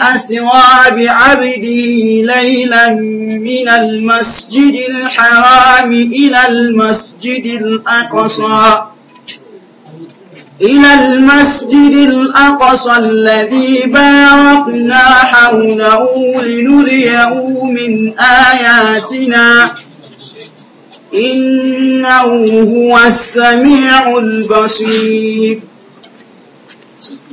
أسرى بعبدي ليلا من المسجد الحرام إلى المسجد الأقصى إلى المسجد الأقصى الذي باركنا حوله لنريه من آياتنا إنه هو السميع البصير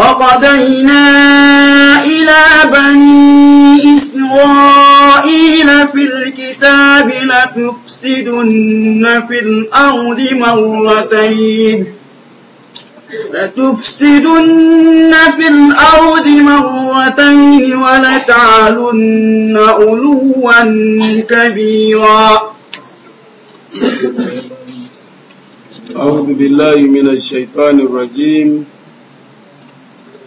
وقضينا إلى بني إسرائيل في الكتاب لتفسدن في الأرض مرتين لتفسدن في الأرض مرتين ولتعلن علوا كبيرا أعوذ بالله من الشيطان الرجيم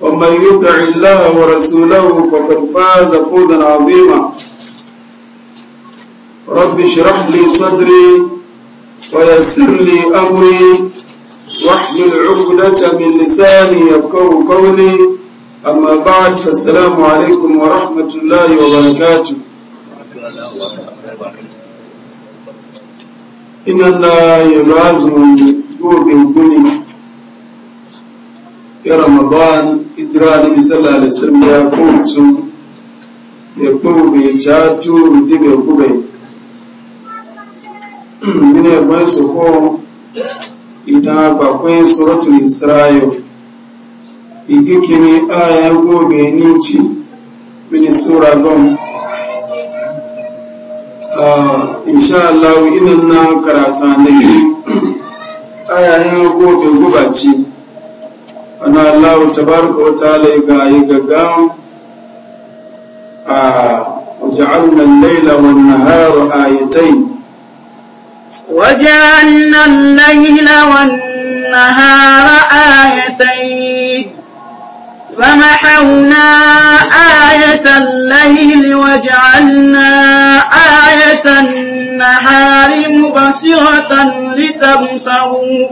ومن يطع الله ورسوله فقد فاز فوزا عظيما رب اشرح لي صدري ويسر لي امري واحلل عقدة من لساني يفقه قولي اما بعد فالسلام عليكم ورحمة الله وبركاته إن الله يرازم قوة الدنيا ya ramadan itira da misalla da sirri ya kowace ya kowace ca turu dibe kube mine kwan su ko idan bakwai suratul isra'il igikini ayan gobe ni ci mini sura gom ah, insha Allah idan na karata ne ayayen gobe gubaci انا الله تبارك وتعالى ta'ala ga آه، وجعلنا الليل والنهار آيتين وجعلنا الليل والنهار آيتين فمحونا آية الليل وجعلنا آية النهار مبصرة لتبتغوا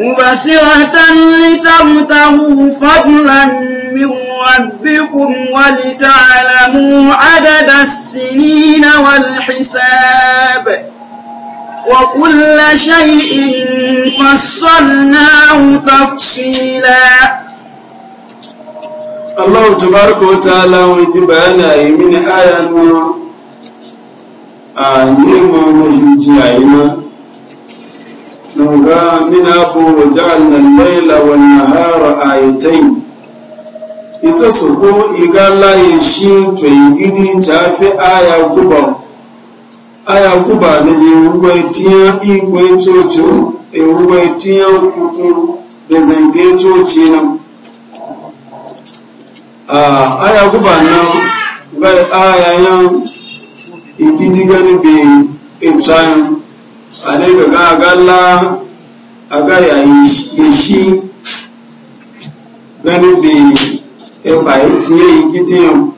مبصرة لتبتغوا فضلا من ربكم ولتعلموا عدد السنين والحساب وكل شيء فصلناه تفصيلا الله تبارك وتعالى ويتبعنا من آية المنى آه نعم ومجمتي عينا nuga mina ko wajen lallaila wani nahara ayatain ita su ko iga layin shi tsoyi gidi ta fi aya guba aya guba e da je rubai tiya ikwai cocio e rubai tiya kuku da zange coci nan a aya guba nan bai aya yan igidi gani bai ita e yan ale ga ga galla a ga gani da ya bayi tiye yi gidiyan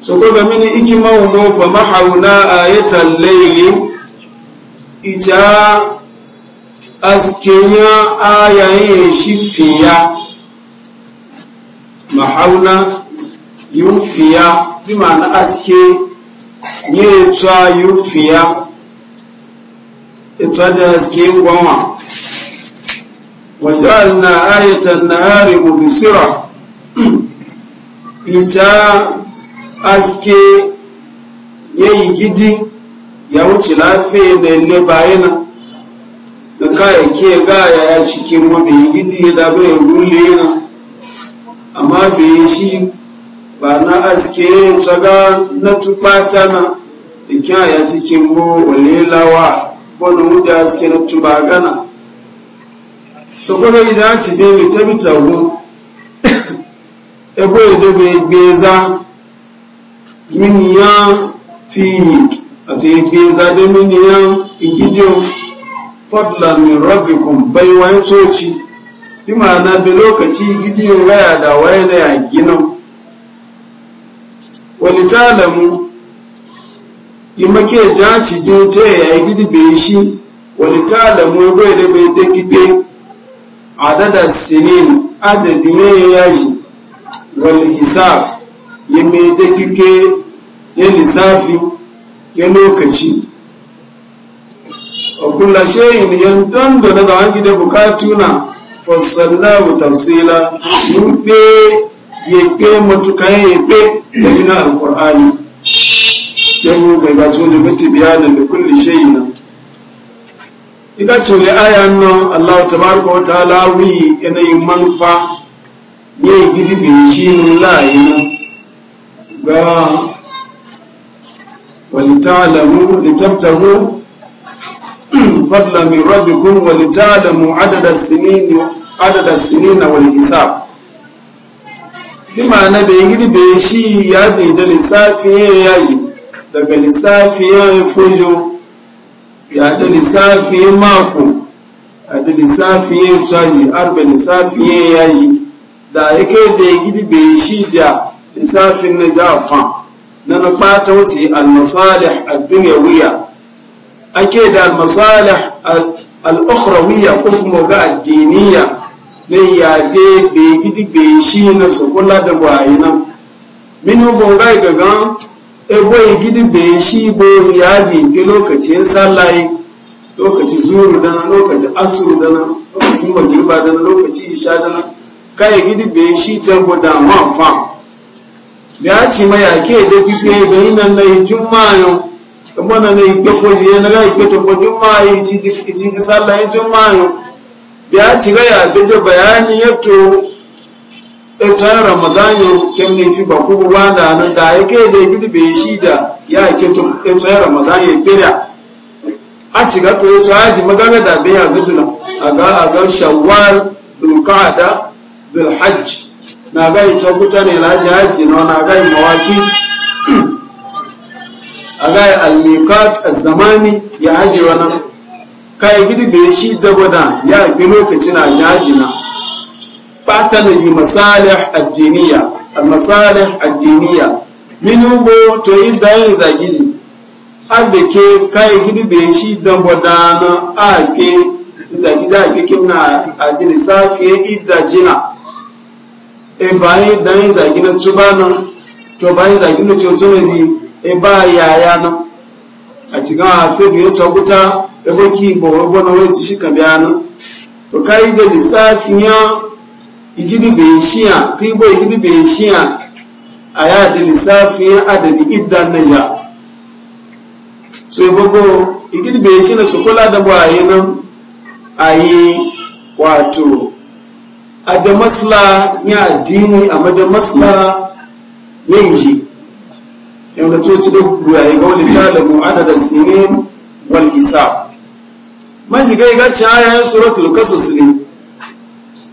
so ko ga mini iki mawuno fa mahauna ayatan layli ita askenya ayayin shi fiya mahauna yun fiya bi ma'ana aske ne ya tsa yun fiya اتدى سكين وما وجعلنا آية mu bisira? ita aske ya yi gidi ya wuce lafiya da yalle bayana da kayayyaki gaya ya cikin mabi gidi ya dabe ya rule yana amma bai shi ba na aske ya na tupata na ikin ya cikin mu wale lawa wani wuda haske na tuba gana so kuma idan ci je mi tabi tawo ebo be gbeza miniyan fiyi àti gbeza de miniyan igidiyo fadlan min rabbikum bai wani coci bi ma'ana bi lokaci gidiyo waya da waya na yaginan wani talamu ki make ja cije ce ya yi gidibe shi wani ta da mu bai da bai da gibe adada sinin ne ya yaji wani hisab ya mai da kike ya lissafi ya lokaci a kula shayin yan don da na zawon gida bukatu na fassallahu tafsila mun pe ya pe matukan ya pe da gina alkur'ani shehu mai bato da mutu biyanin da kulli shayi nan ika cewa ayan nan allahu tabaraka wa ta'ala wi yanayin manufa ne gidibin shi nan layi nan ga walitalamu litabtahu fadla min rabbikum walitalamu adada sinin adada sinin wal hisab bima na bai gidibe shi ya je da lissafi ya yaji daga lissafiyar fujo ya da lissafiyar mako a da lissafiyar caji arba lissafiyar yaji da ya kai da ya gidi bai shi da lissafin na jafa na na ɓata wuce almasalih ad-dunyawiya ake da almasalih al-ukhrawiya ko kuma ga addiniya ne ya je bai gidi bai shi na sukula da bayanan min hubon gai gagan ebo yi gidi bai shi bo yaji ke lokaci sallaye lokaci zuru dana lokaci asuru dana lokaci magriba dana lokaci isha dana kai gidi bai shi dango da ma fa ya ci ma ya ke da bibe e ga ina na yi jumayo kuma na yi gafoji ya na yi gato ko yi ci ci sallaye jumayo ya ci ga ya da bayani ya to E ta ramadan yau kyan ne fi ba kuma ba da nan da ya ke da gidi bai shi da ya ke to e ta ramadan ya bira a ci ga to e ta haji magana da bai ya gudu na a ga a ga shawwal dul qa'da hajj na ga ita kuta ne la ji haji na na ga mawaqit a ga al miqat a zamani ya haji wannan kai gidi bai shi da boda ya ke lokacin a haji na bata da yi masalih addiniya almasalih addiniya minu go to yi dayin zagiji abe ke kai gidi be shi da wadana ake zagiza ake kimna ajini safi safiye idda jina e bayan dayin zagi na tuba to bayan zagina na coto na ji e ba yaya na a cikin a febi ya cakuta ebe ki bo na wai shi ka biya na to kai da lissafin ya igidi bai shiya kai bai igidi bai shiya a ya da lissafin adadi iddan naja so yi gbogbo igidi bai shiya su kula da waye nan a yi wato a da masla ya addini a da masla ya yi yau da tsoci da waye ga wani talabu adadin sirin wal hisab man shiga ya ga ciyayen suratul kasas ne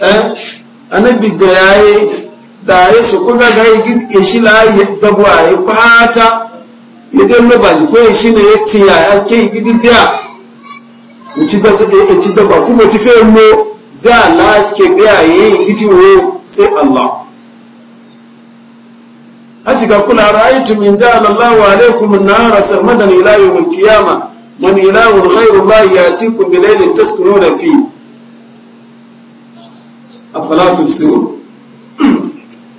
Eh? a nan bigga ya yi da ya su kuna ga yi gidke shi la yi dabu a yi fata ya dan ba ji ko shi ne ya tiya ya suke yi gidi biya uci da su ci dabu kuma ci fiye mu za a la suke biya ya yi gidi wo sai allah a cika kula ra'ayi tumin ja alallah wa alaikum na rasar madan ilayu mulkiyama man ilayu ghairu ma ya ci kuma lailin taskuro da fiye afala tubsirun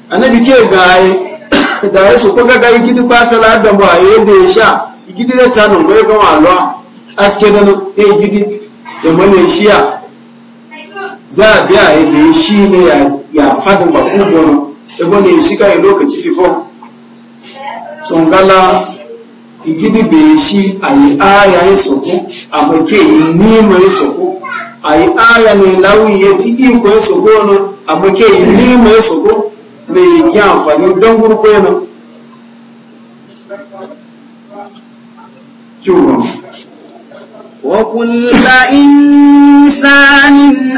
annabi ke gaye da wasu kuka ga gidi batala da ba ya da ya sha gidi da tanin bai ga walwa aske da ya e gidi da shi shiya za a biya ya bai shi ne ya fadin ba ya da ya shi ka lokaci fifo sun gala gidi bai shi a yi aya ya soko a bakin yi nima ya soko E a yi aya mai lawi ya ci iko ya soko na amma ke yi nima ya e soko mai yi amfani don gurgu na وكل إنسان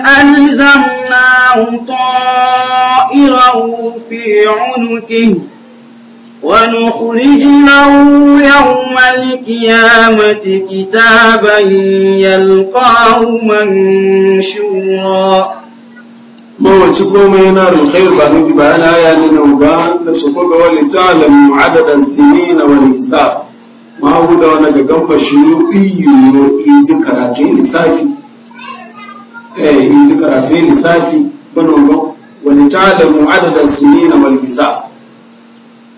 ألزمناه طائره في عنقه ونخرج له يوم القيامة كتابا يلقاه منشورا mawaci komai yana da khair ba nufi bayan aya ne na uba da su wani ta'alam da wani gagan bashi iyo in ji karatun lissafi eh in ji lissafi wani ta'alam adadin sini na wani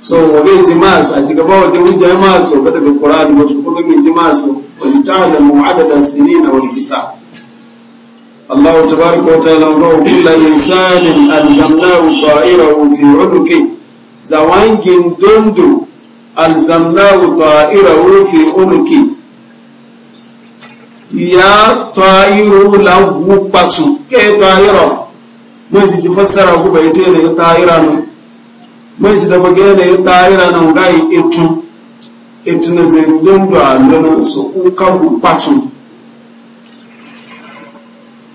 so wani jima'a a ci gaba wajen wujen masu ba daga ƙura'adu ba su kuma mai da su wani ta'adar mu adadar siri na wani bisa Allahu tabaraka wa ta'ala wa kullu insanin alzamnahu ta'irahu fi uduki zawangin dundu alzamnahu ta'irahu fi uduki ya ta'iru lahu patu ke ta'ira mun ji fassara ku bai tele ta'ira mun man shi da bage ne ya tayira nan gai etu etu na zendin da lona su kuka bukpatu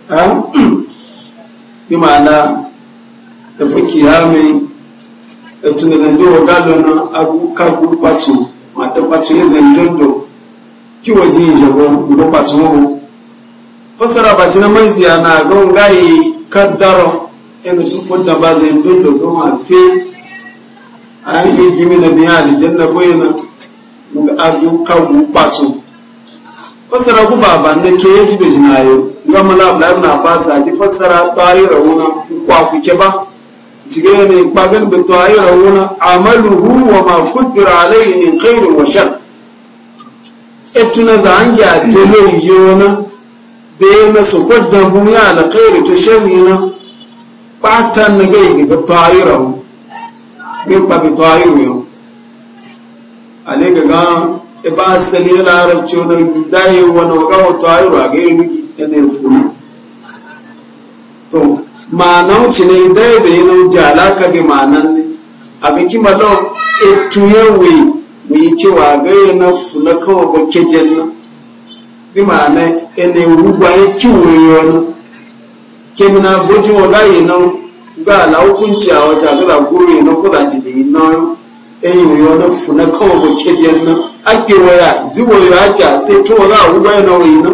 ha bi ma'ana da faki ha mai etu na zendin wa galona a kuka bukpatu ma da bukpatu ya zendin da kiwa jin jago bukpatu mu fasara ba ci na man shi ya na gon gai kaddaro yana su kudda ba zendin da goma fi an yi gimi da biya aljanna ko yana abu kagu kwaso fassara ku baba na ke yi gibe jinayo ga abu labu na basa ji fassara ta yi rauna kwa kuke ba jige ne bagan da ta yi rauna amaluhu wa ma kudira alayhi min khairin wa shar na za an ya telo yona be na su gwadda bu ya alkhairi to sharri na batan na ga yi ta yi rauna bi kpabi tahiru yo ale gaga e ba sali la arabci wani daye wani waga wa tahiru a gairi wiki yana ya furu to ma'anan ci ne daye bai nan ji alaka bi a yi na funa bi yi wani yi na ga la hukunci a wata ga da na kula ji da yin ẹ̀yìn òyìn ọdún fúnná kọ́ ọmọ kéde ẹ̀ná ágbèwọ̀yà zíwọ̀yọ̀ ágbà sí tó ọ̀rọ̀ àwùgbọ́ ẹ̀nà òyìn náà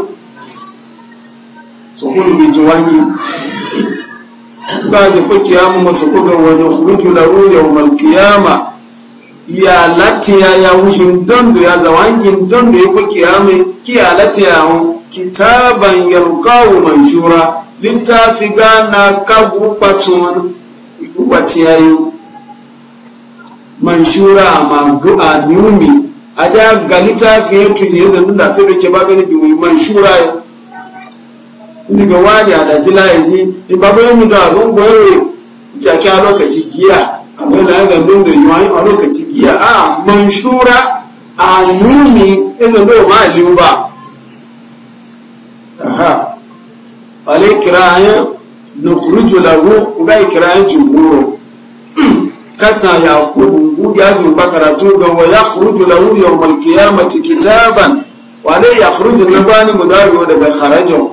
sọ̀kún lè jù wá yìí bá a jẹ fún kìámù mọ sọ̀kún bẹ wọ̀nyọ̀ fún jù lọ wọ́n yẹ̀ wọ̀n kìámà ya wùsùn dọ́ndù ya zàwọn yìí dọ́ndù ya fún kìámù kí yà láti àwọn kìtàbà yẹ̀rù káwù littafi gana kagu kwato wani manshura ma du'a numi a da ga littafi ya tuje ya zanu da fi rike ba gani biyu manshura ya daga wani a daji layaji in ba bayan mu da abin gwayoyi jaki a lokaci giya abin da ya gandun da yiwa a lokaci giya a manshura a numi ya zanu da ba liyu ba wale kirayen nukuruju lahu ga kirayen jumhuru kata ya kudu ya duba karatu ga wa ya kuruju ya yawmal qiyamati kitaban wale ya kuruju na bani mudari daga kharajo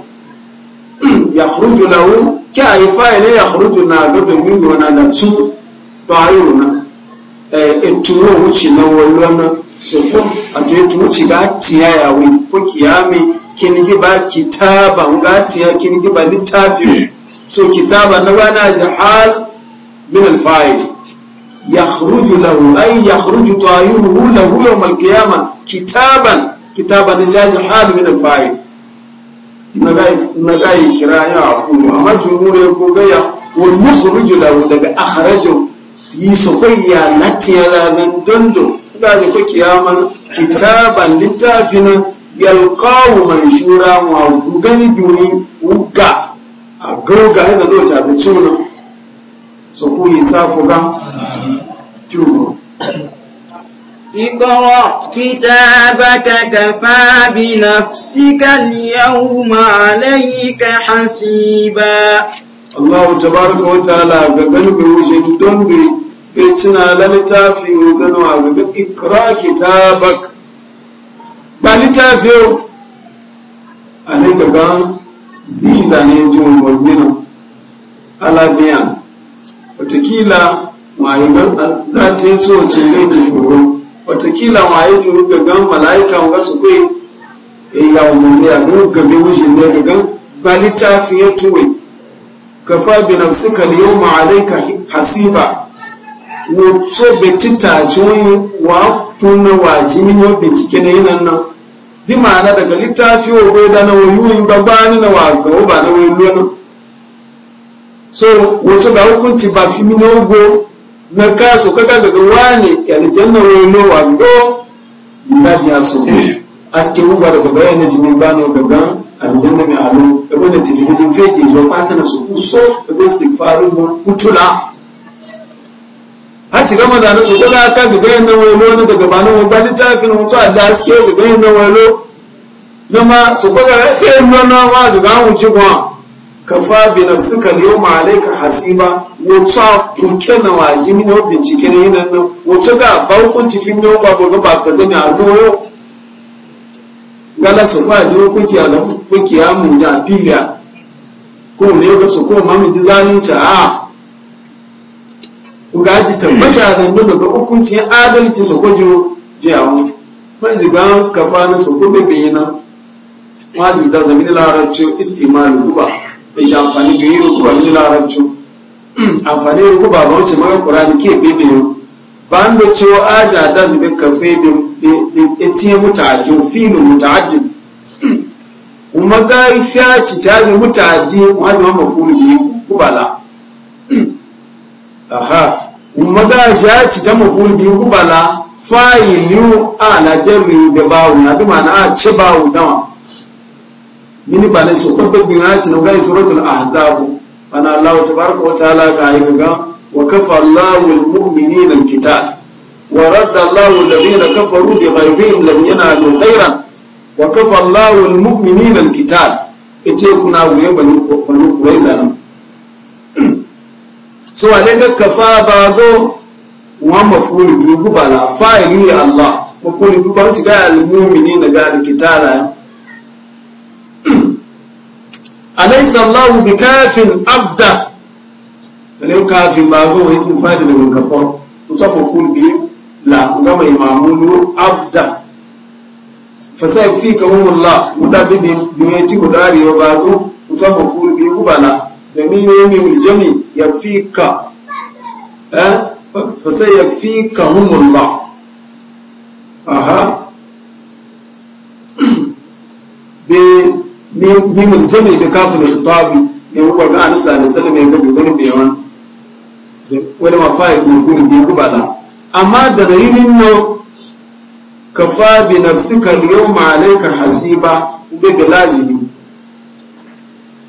ya kuruju lahu ki a yi fa'ile ya kuruju na gaba mini na da su ta'ayuna ètùrò òun ti náwó lọ́nà ṣùgbọ́n àti ètùrò ti bá tìyà ìyàwó ìfókìyàmí kinigi ba kitaba ngati ya kinigi ba littafi so kitaba na wana ya hal min alfa'il yakhruju lahu ay yakhruju tayyuhu lahu yawm alqiyama kitaban kitaban jaji hal min alfa'il na nagai kira ya hakuru amma jumhur ya goga ya wa nusruju lahu daga akhraju yi kai ya latiya zan dondo ga ko kiyaman kitaban na. yalqawu manshura wa gani duni uga a gauga hada do ta be tuno so ku yi safu ga tuno iqra kitabaka kafa bi nafsika alyawma alayka hasiba Allahu tabaaraka wa ta'ala ga galibi shi don bi ya cina lalita fi zanwa ga ikra kitabaka littafi yau a ne gaga ziza ne ji wani walmina alabiyan watakila waye za ta yi tsohon gai da shoro watakila waye ji gaga mala'ika ga su kai ya yi wani a gudu gabi wushin ne gaga ba littafi ya tuwe kafa bi nafsika liyau ma'alaika hasiba wato bai ci wa kuna wajimi yau bincike na yi nan nan bi ma'ana daga littafi wa bai da na wayoyin gabani na wa ba na wayoyin na so ga da hukunci ba fi mini ogo na kaso kaka daga wani yalijan na wayoyin lo wagawo na ji a so a suke ruba daga bayan na jimin bano gaban na mai alo da wani tijilizin fake zuwa fata na su kuso da gostik farin mutula an ci gama da nasu ko za ka gaga yin nan wailo na daga ba nan wani ba littafin mutu da haske gaga yin nan wailo na ma su ko ga fi yin nan na ma daga an wuce ba ka fa bi na su ka liyo ma alaika hasiba wato a kurke na waji mini wa bincike ne nan nan wato ga ba hukunci fi mini ba gobe ba ka zami a doyo gala su ba ji hukunci a lafuki fukiya mun ja filiya ko ne ga su ko mamu ji zalunci a ga ji tabbata da nuna ga hukuncin adalci su gwajo je a mu man ji ga kafa na su gobe bin yana waju da zamini larabci istimalu guba bai ji amfani da yi rubuwa ni larabci amfani da guba ba wuce kura kurani ke bebe yau ba an da ciwo ada da zabe karfe bin etiye muta'addi filin muta'addi kuma ga fiya ci ta zai muta'addi wajin mafi biyu kubala aha umaga shaci ta maful biyu kubala a na jarri da bawu na bi mana a ce bawu nawa mini ba ne so ko be bin ayati no gai suratul ahzab ana allah tabaraka wa taala ga yi ga wa kafa allahu almu'minina alqital wa radda allahu alladhina kafaru bi ghayrihim lam yanalu khairan wa kafa allahu almu'minina alqital ite kuna wuye bani bani kuraiza nan so a daga kafa ba go wa mafulu bi gubala fa'ilu ya Allah ko ko ni ba ci ga al-mu'mini na ga kitala alaysa Allah bi kafin abda kale kafin ba go ismu fa'il min kafa to sa mafulu bi la gama mai mamulu abda fasai fi kawun Allah mudabi bi bi ti gudari ba go to sa mafulu bi gubala يمين يميل الجمع يكفيك أه؟ فسيكفيكهم الله أها بميم الجمع بكاف الخطاب يقول يعني قال صلى الله عليه وسلم يقول بغني بيوان wani mafahim mafuri biyu gubala amma da dalilin nan ka fa bi nafsika yawma alayka hasiba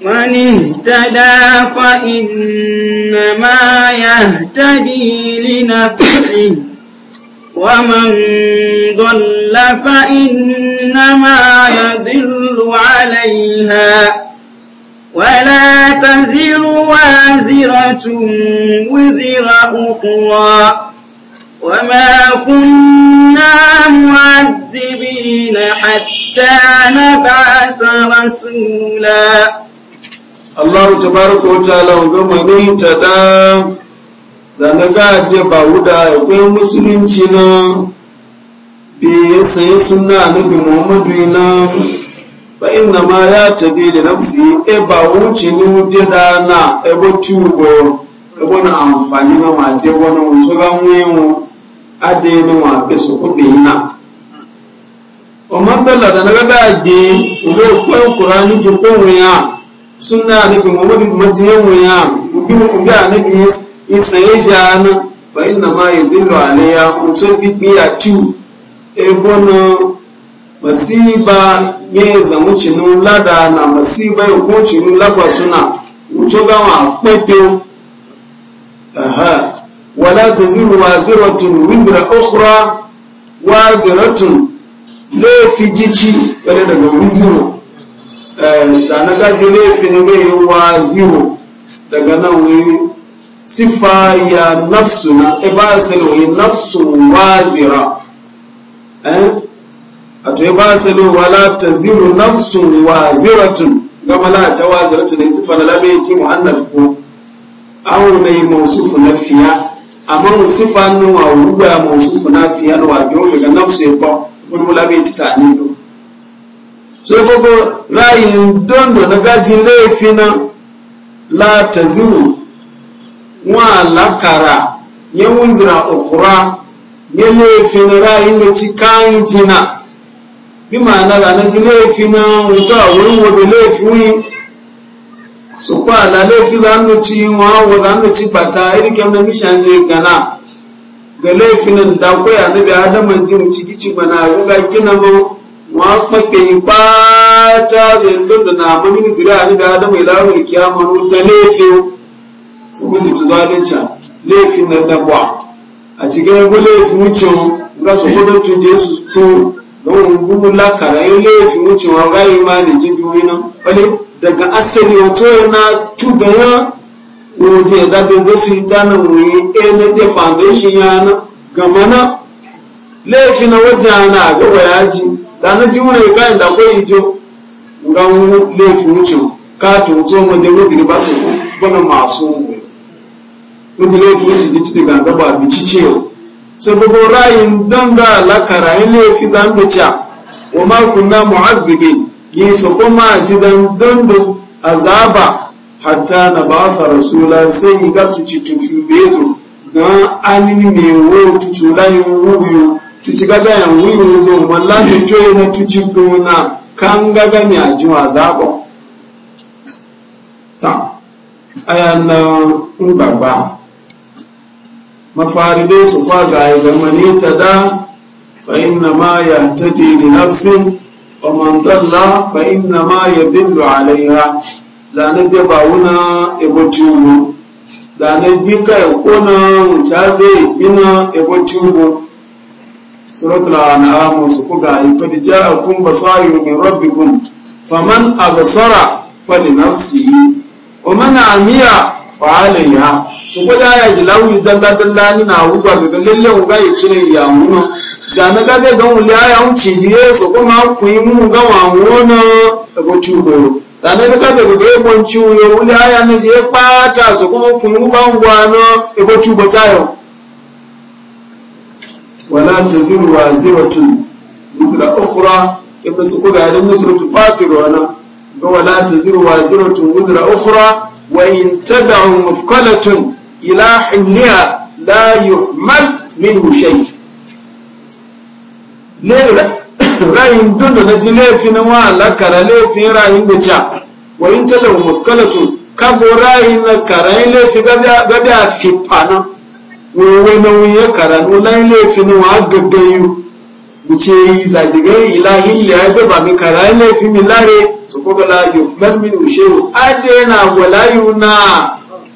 من اهتدى فإنما يهتدي لنفسه ومن ضل فإنما يضل عليها ولا تزر وازرة وزر أخرى وما كنا معذبين حتى حتى نبعث رسولا الله تبارك وتعالى ومن تدا zanaga da ba wuda akwai musulunci na bi ya suna nabi muhammadu na ba inna ma ya tabi da nafsi e ba wuce ni da na ebo tubo ebo na na ma wani ومن ضل ذنب باجين وبو كون قران جو كون ويا سنة نبي محمد مجيء ويا وبيو كون نبي يسيجان فإنما يدل عليها وتبي بيا تو ebono masiba yeza muchinu lada na masiba yokuchinu lagwa suna uchoga wa kwepyo aha wala taziru waziratun wizra ukhra waziratun laifi gici wani daga wiziro eh, zane gaji laifi ne mai wa ziro daga nan wani sifa ya nafsu na e salo yi nafsu wazira eh, a to e ba salo wala ta ziro nafsu waziratun gama la ta waziratun ne sifa na labe ya ci mu'annaf ko awon na yi mausufu na fiya amma musifa nuna wa wuga mausufu na fiya na wa biyo daga nafsu ya ba gudu labe ta ne zo so koko rayin dondo na gaji laifi na la ta ziru wa lakara ya wuzira okura ya laifi na rayin da ci kayan jina bi maana lára na ji laifi na wuta a wurin wabe laifi wuyi su kwa ala laifi za ci wa wa za ci bata iri kemgbe mishan zai gana ga laifinan da koya na bi adaman jin ciki ci bana ruga gina mu wa fakke yi bata zindun da na mamin zira na bi adaman ilawar kiyama ru da laifin su mutu ci zalunca laifin na dabwa a cikin bu laifin wucin ga su kudu tu je su to don gugu lakara yin laifin wucin wa ga yi ma ne jibi wina wani daga asali wato na tuga wuce ya dabe zai su yi tana wuyi ene da foundation ya na gama na laifi na wajen ana gaba ya ji da na ji wani kayan da kwai ijo ga laifin wucin ka tuto mu da wuce ba su bana masu wuyi wuce laifin wucin ji ci daga gaba bici ciwo sai gbogbo rayin don da lakara ya laifi zan da wa ma kunna mu'azzibin yi su kuma ji zan don da azaba hatta na ba sa rasula sai ga tuci tuci bezo na anini me wo tuci layin wuyu tuci gaga yan wuyu zo wallahi to na tuci na kan gaga mi ajuwa zabo ta aya na ngbagba mafari dai su kwa ga manita da fa inna ma ya yahtadi li nafsi wa man dalla fa inna ma yadillu alaiha zane de ba wuna ebo tubu zane bika ekona mchabe bina ebo tubu suratul an'am su kuga qad ja'akum basairu min rabbikum faman absara falinafsihi wa man amiya fa alayha su kuga ya jilawi dalla dalla ni na wuga daga lalle wuga ya cire ya muna zane gabe ga wuliya ya wuce jiye su kuma ku yi mu ga wawona ebo tubu zane buka be gugu mon chuyo ule haya ne je pata so kuma kunu ba ngwano e ko chubo tsayo wala taziru waziratun misra ukhra ibn suku ga da misra tufatir wala ga wala taziru waziratun wizra ukhra wa in tad'u mufqalatun ila hilliha la yuhmal minhu shay ne rayin dundu na ji laifin wa lakara laifin rayin da ca wa in talau mafkalatu kago rayin na karayin laifin gabi a fipana wewe na wuye karanu layin laifin wa gaggayu wuce yi zajigai ilahin liya ya ba mi karayin laifin mi lare su koga layu malmin ushewu adena wa layu na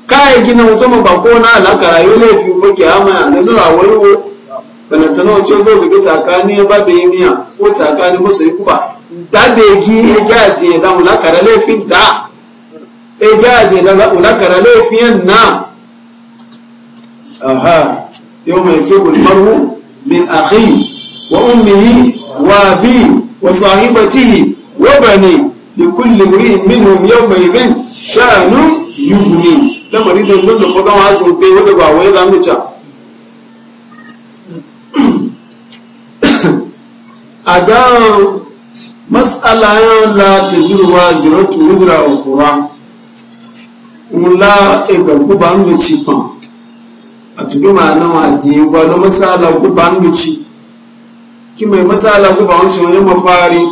kayan gina mutum ba ko na alaka rayu laifin fake hama na nuna wani balantana wace gobe ga tsakani ya babe yi miya ko tsakani masu yi kuba da da gi ya gaje da mulakara laifin da ya gaje da mulakara laifin na aha yau mai fi ulmaru min akhi wa ummihi wa bi wa sahibatihi wa bani li kulli mri'in minhum yawma idhin sha'nun yubni lamarin zan gudu ko ga wasu bai wanda ba wai zamu ci a ga matsala yau la ta zirwa ziratu wuzra wa kura e ga guban da ci kan a tuɗi ma'ana wa diye gwada matsala guban da ci ki mai matsala guban wancan wani mafari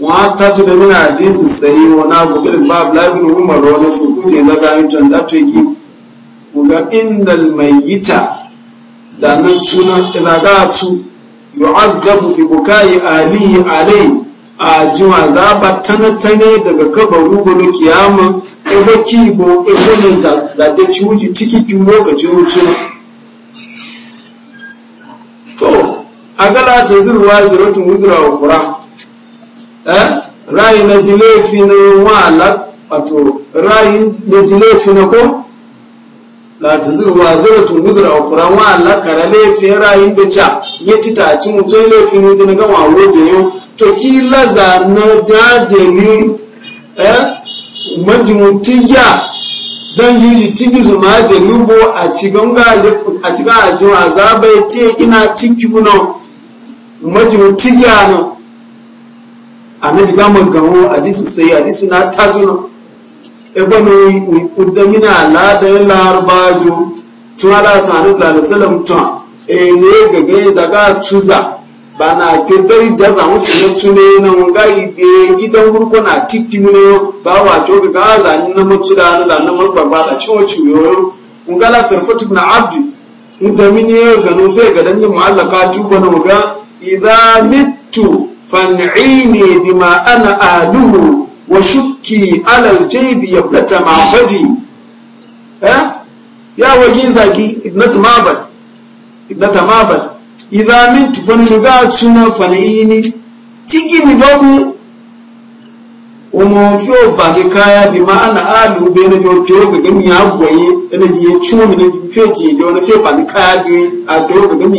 wa ta tu da mina hadisi sayi wani abu da ba blabin umar wani su kuje na gani can da ta yi ku ga indal mai yita zanen cuna zaga tu yu'azzabu bi bukai alihi alai a juma za ba tana tane daga kabaru gobe kiyama ebe kibo ebe ne zaɓe ciwuci ciki ki lokacin wucin to a gala ta zirwa ziratun wuzira wa kura rayu na ji laifi na yin wa wato rayu na ji laifi na ko la tuzuru ma zira tun wuzura okura wa Allah kara laifin rayin da ca ya ci ta ci mu zai laifin wuce na gama wo da yau to ki laza na jajemi eh majimutin ya don yuji tigi su ma da bo a cikin ajiyar azabai te ina tiki kuna majin tigiya na a na biga magawo a disi sai a disi na tazu na. ebonu udamina alada larabajo tun ala tun alayhi salatu wasalam E, ene gaga zaga tuza ba na ke darija za mu tune tune na mun ga ibe gidan gurko na tikki mune ba wa to ga gaza ni na mutu da na na mun ba da cin wucu yo mun ga la tarfatu na abdi udamini ga no fe ga dan mu'allaka tuba na ga idza mittu fan'ini bima ana aluhu. wa shukki alal jaybi yablata ma'badi eh ya wagi zagi ibnat mabad ibnat mabad idha mintu fa nuga tsuna fa naini tigi midogu umuntu bage kaya bi ma'ana alu be ne jo jo ga gami ya goye ne ji ya kaya bi a do ga gami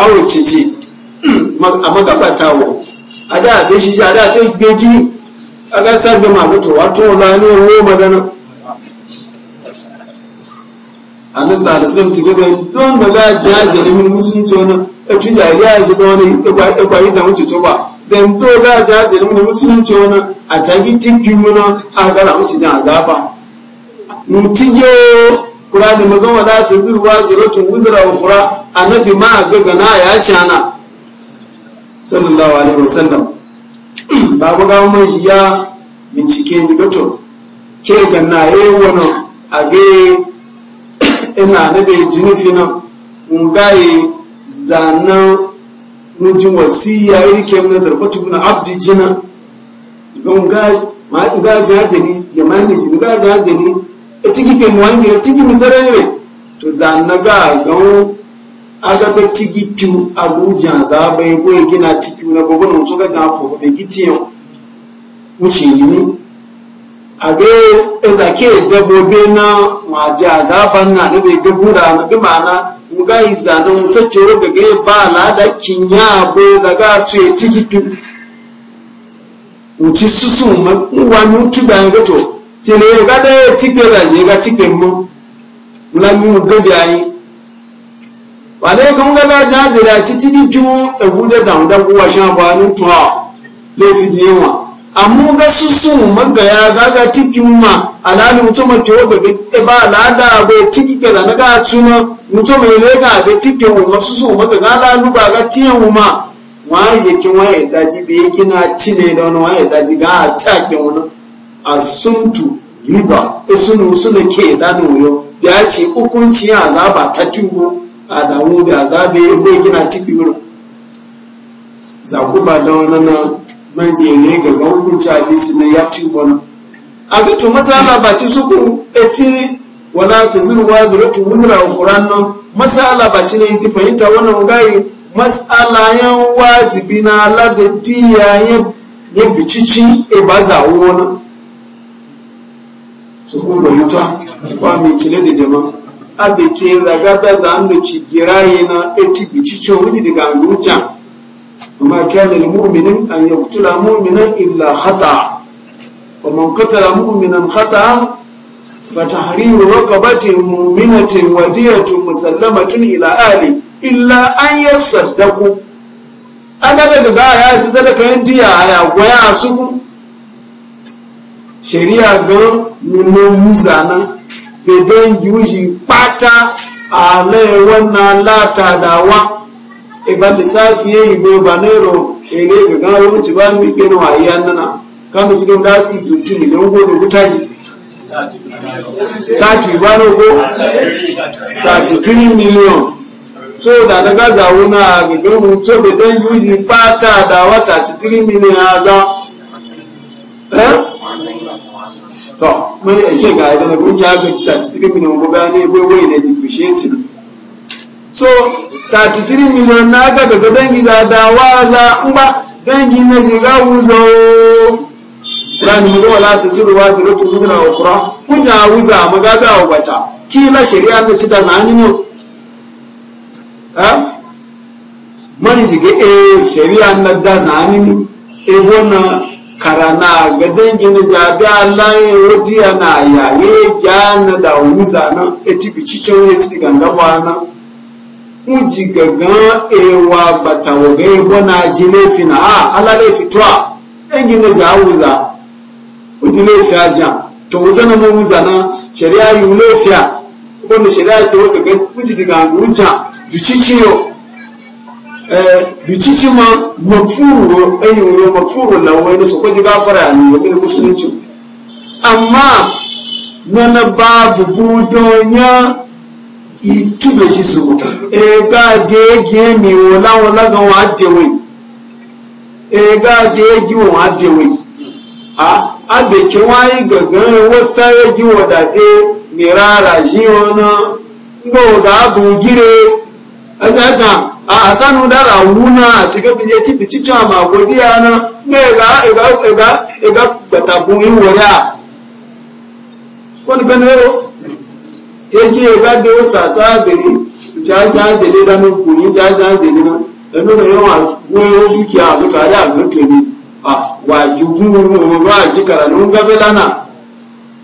awo titi amagabata wo ada abesisi ada afe gbegi agasa gbemu abutu wato ọba ni owo magana anisa alisalem ti gbegbe don gbala aje aje ni minnu musu ntu ona etu ja ri aje ba ni ekwa yi damu titi ba zan do ga aje aje ni minnu musu ntu ona atagi ti gbimu na agala mu titi azaba mutijoo. kura da magan da ta zirwa ziratun wuzura wa kura annabi ma ga gana ya ci ana sallallahu alaihi wasallam babu ga mun shi ya bincike ni gato ke ganna e wono ga ina na be jinifi na zana zanan ji wasiya ke mun zarfa tubuna abdi jina ngai ma ga jajani jama'i shi ga jajani etiki pe mwangi etiki miserere to zannaga gawo aga be tigi tu abuja za be boye gina tiki na gogo no tsoga ta fo be gitiyo wuce ni age ezake e dabobe na waja zaban na da bai gagura na bi mana muga iza da mutu coro ga e ba la da kinya bo da tu e susu ma uwa mutu ba to tìlẹ̀ ọ̀gá dẹ́ tígbẹ̀ ràjẹ̀ ga tígbẹ̀ mọ́ ga gẹ́bí ayé wàlẹ́ kan gẹ́gẹ́ ajá àjẹ̀rẹ̀ àti títí ju ẹ̀wúdẹ̀ dàmúdàkú wa ṣe àbọ̀ àánú tún ọ̀ lè di yẹn wọn. àmú gẹ́ sísú mọ́gàyà gágá tíkì mà àlàálù mùtọ́mọ̀ tí ó bẹ̀bẹ̀ ẹ bá àlàádá àbẹ̀ tíkì kẹ̀lá nígbà túná mùtọ́mọ̀ ilé ká àbẹ̀ tíkì wọn mọ́ sísú àlàálù wọn yẹ dájí náà asuntu riba isunu suna ke dano yo ya ce hukunci ya azaba ta tubo a damu da azabe bai gina tibi wurin ba da wani na manje ne gaba hukunci bisu na ya tubo na a bitu masala ba ci suku eti wala ta zirwa ziratu wuzra ukuran nan masala ba ci ne ti fahimta wannan gai masala ya wajibi na ladati ya bicici e ba za wani su kuma mutum ba mai cile da jama abe ke zaga da zan da ci giraye na eti bici wuji daga angujan amma kyana da mu'minin an yi kutula mu'minan illa khata wa man katala mu'minan khata fa tahriru raqabatin mu'minatin wa musallama musallamatun ila ali illa an yasaddaqu an da daga ya ci sadaka yin diya ya goya su sheria gan nuna muza nan bedan yuji pata ale wannan lata dawa iba e lissafi yi ba e ga ci ba mi gina wa iya nana kan da cikin dafi tutu ne don gobe wuta ji tati ba na so da na gaza wuna ga gan pata dawa za eh to mun ake ga idan na gunja ga ta cikin miliyan gobe ne bai wai ne differentiating so 33 miliyan na ga daga dangi za da waza in ba dangi na shiga wuzo zani mu wala ta zuru wa zuru tu zuru wa qura kuta wuza mu ga ga bata kila shari'a ne ci da zani ne ha shige eh shari'a na da zani ne e eh, wannan karana ga dangin zabi Allah ya wadi ya yaye gyana da wuza na eti bicicin ya ci ba na uji gaga ewa bata waga ya na ji laifi na ala laifi tuwa dangin na za wuza uji laifi a jan to wuza na mu wuza na shari'a yi laifiya wanda shari'a ta wata ga uji daga wuja duci ciyo Eh, bichichi ma mafuru eh, ayin yo mafuru na wani su kwaji gafara ne musulunci amma na babu budonya itube shi su ega eh, mi ga wa dewe ega da yake wa dewe a abe ki wani gagan wata yake wa da mirara ga gire a ah, sanu dara wuna a cikin bije tipi cica ma godiya na ne ga ga ga ga bata bun yi wara wani bane yo yake ga de wata ta gari ja ja de le da no kuni ja ja de le na eno ne yo dukiya mu ta da mu a wa jugun mu mu ji kara no ga be lana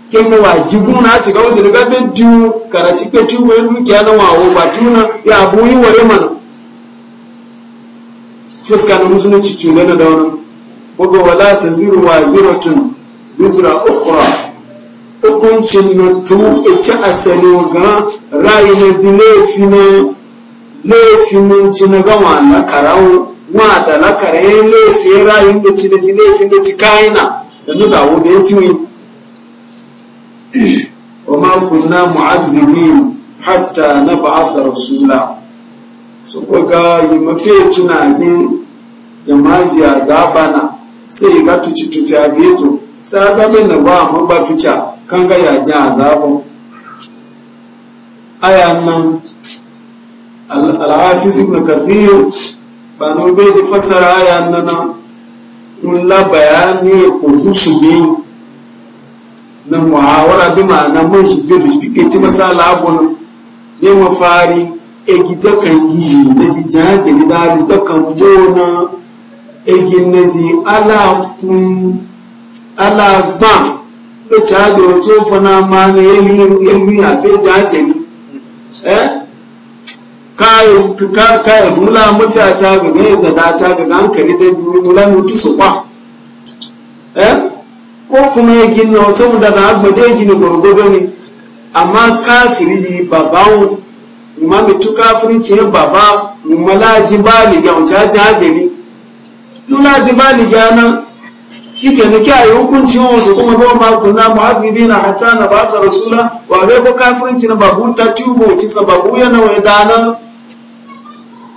kin mu wa na ci ga wasu ga be du kara ci ke tu mu dukiya na wa wo ba tuna ya bu yi wara mana fuska na musulunci cungana da daunin buga wala ta ziru wa ziratun bizra ukura hukuncin na tu ita asali ga rayu na ji laifin ci na gama na karawo wa da na karayen laifin rayu da ci da ji laifin da ci kayina da nuna wo da ya ciwi wa ma kunna mu'azzibin hatta na ba'asa rasula su kuka yi mafi tunanin jamaji a zabana sai ga tuci tuci a beto sai ga min na ba mu ba tuca kan ga ya ji azabun aya nan al-hafiz ibn kathir ba no be ji fasara aya nan mun la bayani ko husubi na muhawara bi ma'ana mun shi bi ke ti masala abun ne mafari egita kan yi ne ji jaje ni da ta kan jona eginezi alagba ló ti àjò e, e tí ó fọnà máa ní elú àfẹ́jà àjẹ̀mí ka ìmúlá mọ́fí àti agbègbè àti agbègbè débi ìmúlá ní ojú sùpá ko kuma egin na wata mu daga agbade egin gwargwado ne amma kafiri baba malaji ba ni jajiri laji baligi nan shi ke na kya yi hukuncin wasu kuma ba ma kunna mu'adhibi na hatta na ba ka rasula wa ga ko kafirci na babu ta tubo ci sababu yana wai dana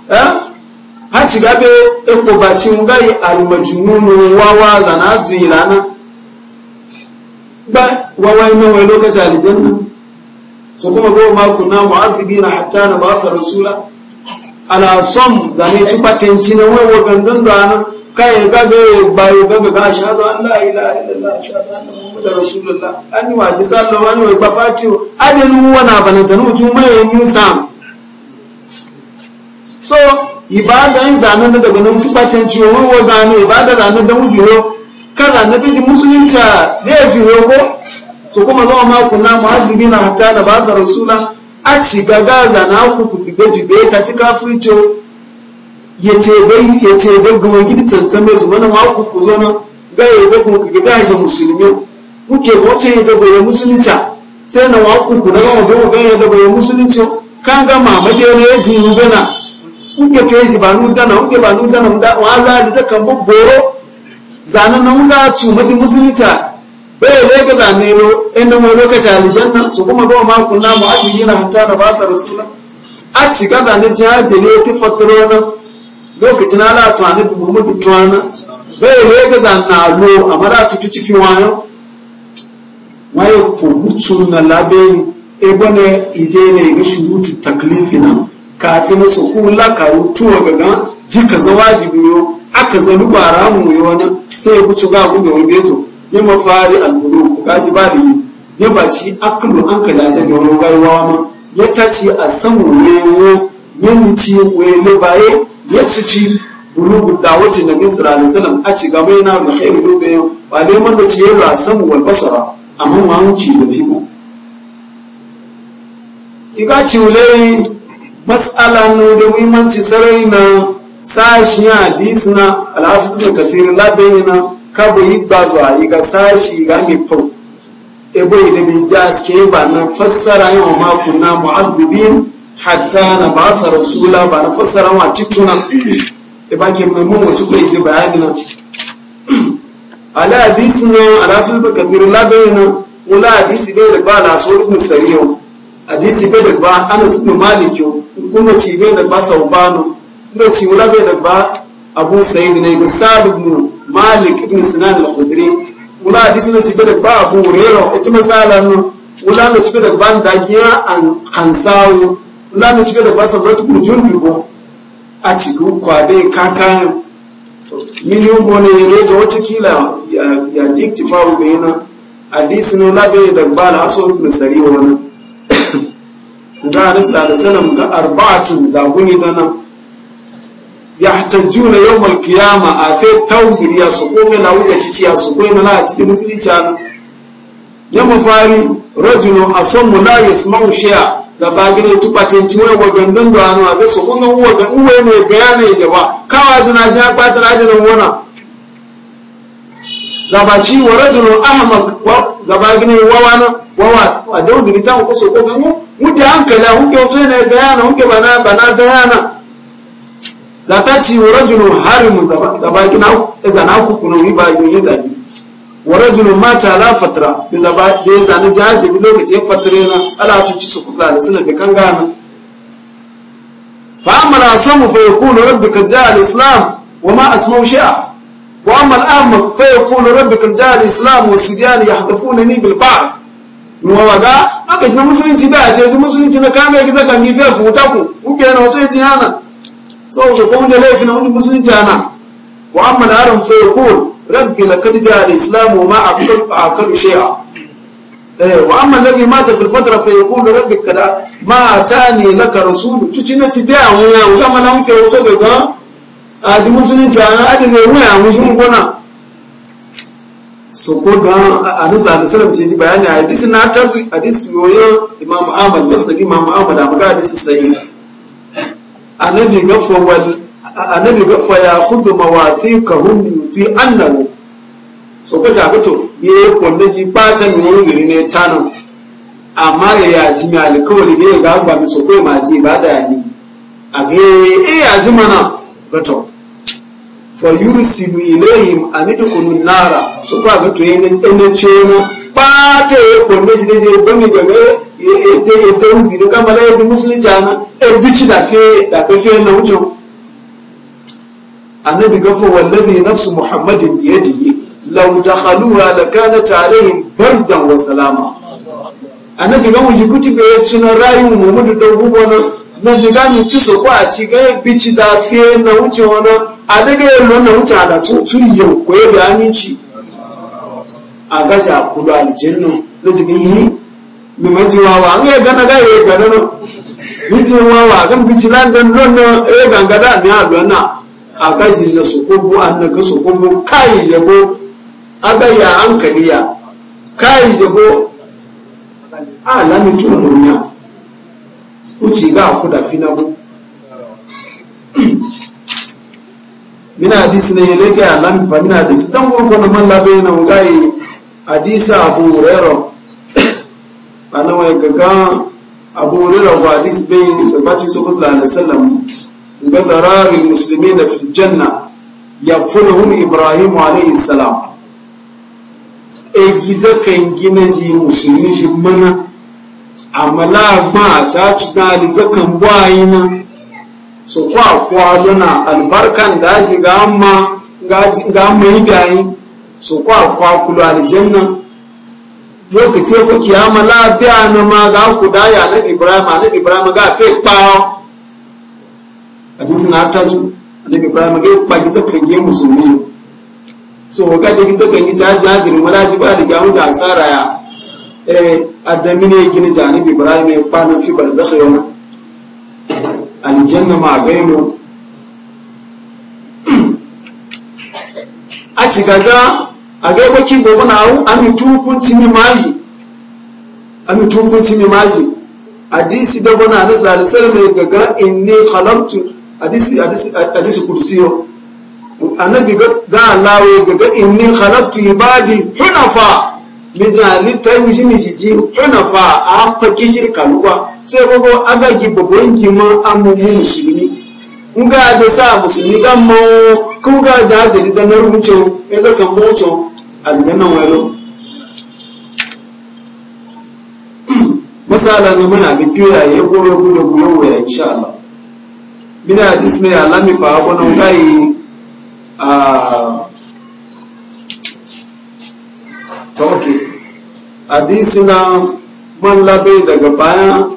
eh ha ci gabe e ko ba ci nga yi almajnun wa wa da na jira na ba wa wa ina wai lokaci aljanna so kuma ba ma kunna mu'adhibi na hatta na ba ka rasula ala som zane tupatenci na wai wa gandan kai gaga bayo gaga ga ashhadu an la ilaha illallah ashhadu anna muhammadar rasulullah an wa ji sallallahu alaihi wa bafati adelu wana banatanu tuma yin sam so ibada yin zanen da daga nan tubatan ciwo wai wa gane ibada zanen da muziro kada na biji musulunci ya fi ko so kuma lawa ma kunna muhaddibina hatta na ba da rasula a ci gaga zana ku ku bibe bibe ta ci kafirci yace bai yace bai gama gidi tsantsan mai su mana mako ku zo nan gaya ya ga kuma ga gashi musulmi kuke wace ya dago ya musulunta sai na waku ku daga wajen gaya ya dago ya musulunci kan ga mamade ne ya ji gana kuke to shi ba nu dana kuke ba nu dana da wala da zakan boro zanan nan ga cu muti musulunta bai ne ga zane ro inda mu lokaci aljanna su kuma ba ma kunna mu ajiyina hanta na ba ta rasulullah a zane jihar zane ya ti fatro nan lokacin ala to annabi muhammadu tuwana bai ne ga zanna lo amma da tutu cikin wayo waye ko mutu na labin e ne ide ne ga shurutu taklifina kafin su kula ka tuwa gaga jika za jibiyo aka zalu bara mu yo na sai kucu ga gudu wani beto ya mafari albulu ga ji ba yi ya baci akulu an kala daga wani gaiwa ya tace a san wewo ci nici ne baye yacici cici bulugu dawati na misra ne sanan a ci gaba yana da khairu dobe ba dai man da ci ba san wal basara amma ma mun ci da fimu iga ci ulai mas'ala na da muhimmanci sarari na sashi hadisi na al da ibn kathir na kabo yi zuwa iga sashi ga mi fau ebo da bi jaske ba na fassara yawa na mu'adhibin hatta na ba ta rasula ba na fassara ma tituna da ba ke maimun wacce yi ji bayani na. ala hadisi ne a fi ba kafiru labarai nan wula hadisi bai da ba na so rukun sariyo hadisi bai da ba ana su maliki kuma ci bai da ba sau bano kuma ci wula bai da ba abu sa'id ne ga mu malik ibn sinan al-khudri wula hadisi ne ci bai da ba abu hurairah ita masala nan wula da ci bai da ba da giya an kansawo lana ci da basa ba tukun dubu a cikin kwabe kakan miliyan bone rai ga watakila ya ji tifawo ga yana hadisi ne labe da gbala aso ibn sari wani ga hadis da sanan ga arba'atu ya dana yahtajuna yau malkiyama a fe tawzir ya su ko na wuce cici ya su ko na a cikin musulunci ya mafari rajulu mu la yasma'u shay'a zaba gine tupatin ci wai wagan don da hannu a ga su kun ga uwe ne ga ya ne jaba kawa zina ji ya kwata rajinin wana zabaci ci wa rajinin ahmad zaba gine wawa na wawa a jan zini ta ko so ko gangu mutu hankali hunke wasu ne ga ya na hunke bana bana da ya na zata ci wa rajinin harimu zabagina gina e zana ku kuna wi ba yi zabi wa rajulun mata ala fatra bi zaba da ya zani jajiri lokacin fatra na ala tuci su kusa da suna bikan gana fa amara samu fa yakunu rabbika ja islam wa ma asmau shi'a wa amma al amma fa yakunu rabbika ja islam wa sudan yahdafunani bil ba'd mu haka lokacin musulunci da ce duk musulunci na kame gizo kan gife ku ta ku ku ke na wato yaji hana so ko kuma da laifin musulunci ana wa amma al aram fa yakunu ربي لقد جاء al وما ma aqalu شيئا eh, wa الذي مات في fil فيقول ربي كذا ما kada لك رسول laka rasul ويا وكما bia wuya kama na mke utobe ga aji musulunci zai wuya musulun kona so ko ga anisa da sallam ce ji bayani hadisi na ta hadisi yoyo imam ahmad masnad imam ahmad amma ga hadisi sahih annabi ga annabi ga fa ya khudhu mawathiqahum fi annahu so ko ta to ye ko ne ji pata mi yiri ne tanu amma ya ya ji mi alkawari ne ga ba mi so ko ma ji ba da ni age e ya ji mana goto fa yursilu ilayhim an yadkhulu nara so ko ga to ye ne ne ce mu ta ye ko ne ji ne je ba mi ga ga e te e te zinu kamala ya ji musulunci ana e bici da fe da fe na wucin annabi fa wallazi nafsu muhammadin biyadihi law dakhaluha lakanat alaihim bardan wa salama annabi wuji kuti be tuna rayu muhammadu da gubona na zigani tuso ko a ci ga bici da fiye na wuce wani a daga yin wannan wuce da turi yau ko ya da aminci a gaza kudu aljannu na zigin yi mi maji wawa an yi gana ga ya gana no miji wawa kan bici lan dan lonna ya eh, gangada mi a na akajin na sokobo an na ga sokobo kai jabo agaya an kariya kai jabo a lami tun murna uci ga ku da fina bu mina hadisi ne ne ga lami fa mina hadisi dan gongo na man labe na ngai hadisa abu hurairah ana wai gaga abu rero ba hadisi be ba ci so sallallahu alaihi wasallam ga dararin musulmi na filjanna ya fulhun ibrahim alayhi salam e gida gina ji musulmi shi mana amma ma ta ci na lita kan bayi na so kwa albarkan da ji ga amma ga mai gayi so kwa kwa kulu aljanna lokaci fa kiyama biya na ma ga ku da ya na ibrahim na ibrahim ga fe kpawo hadisi na ta su annabi ibrahim ga ba ki zakan yi musulmi so ga ki zakan yi ta jajirin wala ji ba da ga mutu asara ya eh adami ne gini ta annabi ibrahim ya kwana fi barzakh yau aljanna ma gaimu a ci gaga a ga bakin gobe na hau amintu hukunci ne maji amintu hukunci ne maji hadisi da bana na sallallahu alaihi wasallam ya gaga inni hadisi hadisi hadisi annabi ga alawe ga ga inni khalaqtu ibadi hunafa ta yi shi mi shi hunafa a faki shirka luwa sai gbogbo agagi gi babban gima amu musulmi nga da sa musulmi ga mo kun ga jajiri da na rubuto ya zaka moto a aljanna wayo masala ne muna bidiyo ya goro ku da ku yau ya insha Allah mini hadis ne alami fa wani gai a tauki hadisi na ah, man labe daga baya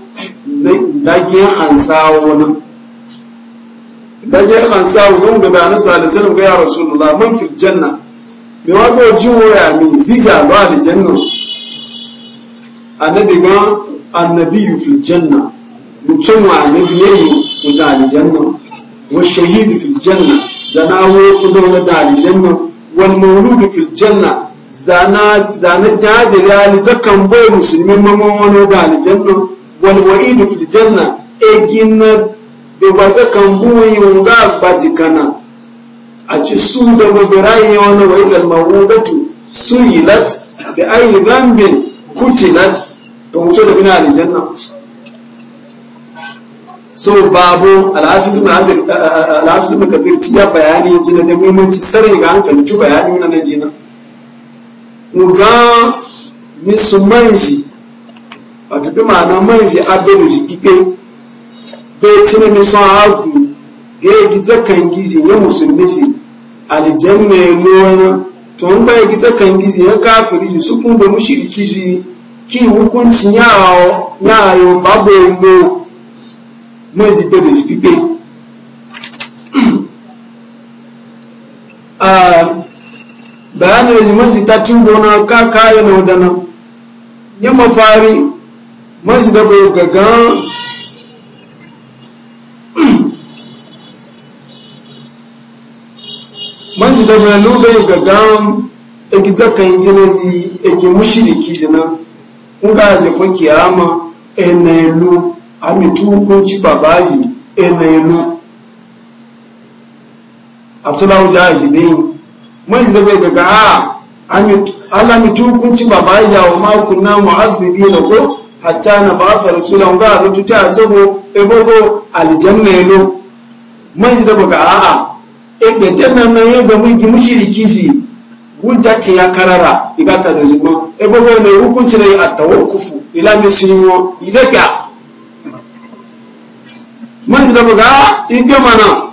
dage hansa wani dage hansa wani gaba anas ba da sanin gaya rasulullah man fil janna me wa go jiwo ya mi zija lo aljanna annabi ga annabi fil janna mutum wa annabi yayi ga aljanna wa shahidu fil janna zana wo kudo da aljanna wal mawludu fil janna zana zana jajiri ali zakan boy musulmin mamman wani da aljanna wal wa'idu fil janna egin be wazakan boy yunga bajikana a ci su da mabirayi wani wa'idal mawudatu suyilat bi ayi zambin kutilat to mutu da bina aljanna so babu alhafiz ibn kafir ci ya bayani ya jina da muhimmanci sarai ga hankali ci bayani na na jina mu ga misu manji a tafi ma'ana manji abin ji ipe bai ci na misu hagu ga ya gita kan gizi ya musulmi shi aljanna ya nuna to n gbaya gita kan gizi ya kafiri su kun da mushirki shi ki hukuncin yawo yawo babu ya nuna mwezi bado jipige bayani da jimanci ta tubo na kaka ya na wadana ya mafari manzi da bai gagan da bai lube gagan egi zakan gina zi egi mushiriki jina nga zafa kiyama enelu amitukunci babayi enelu a tulawuja a jibin mai zai bai daga a Allah mitukunci babayi ya wa makunna mu'azzibi na ko hatta na ba sa rasulan ga rutu ta tsogo ebogo aljanna elo mai zai daga a a ebe tana na yi ga mulki kisi wuja wujati ya karara igata da jima ebogo ne hukunci na yi a tawakufu ila misiyo idaka man da ga ibe mana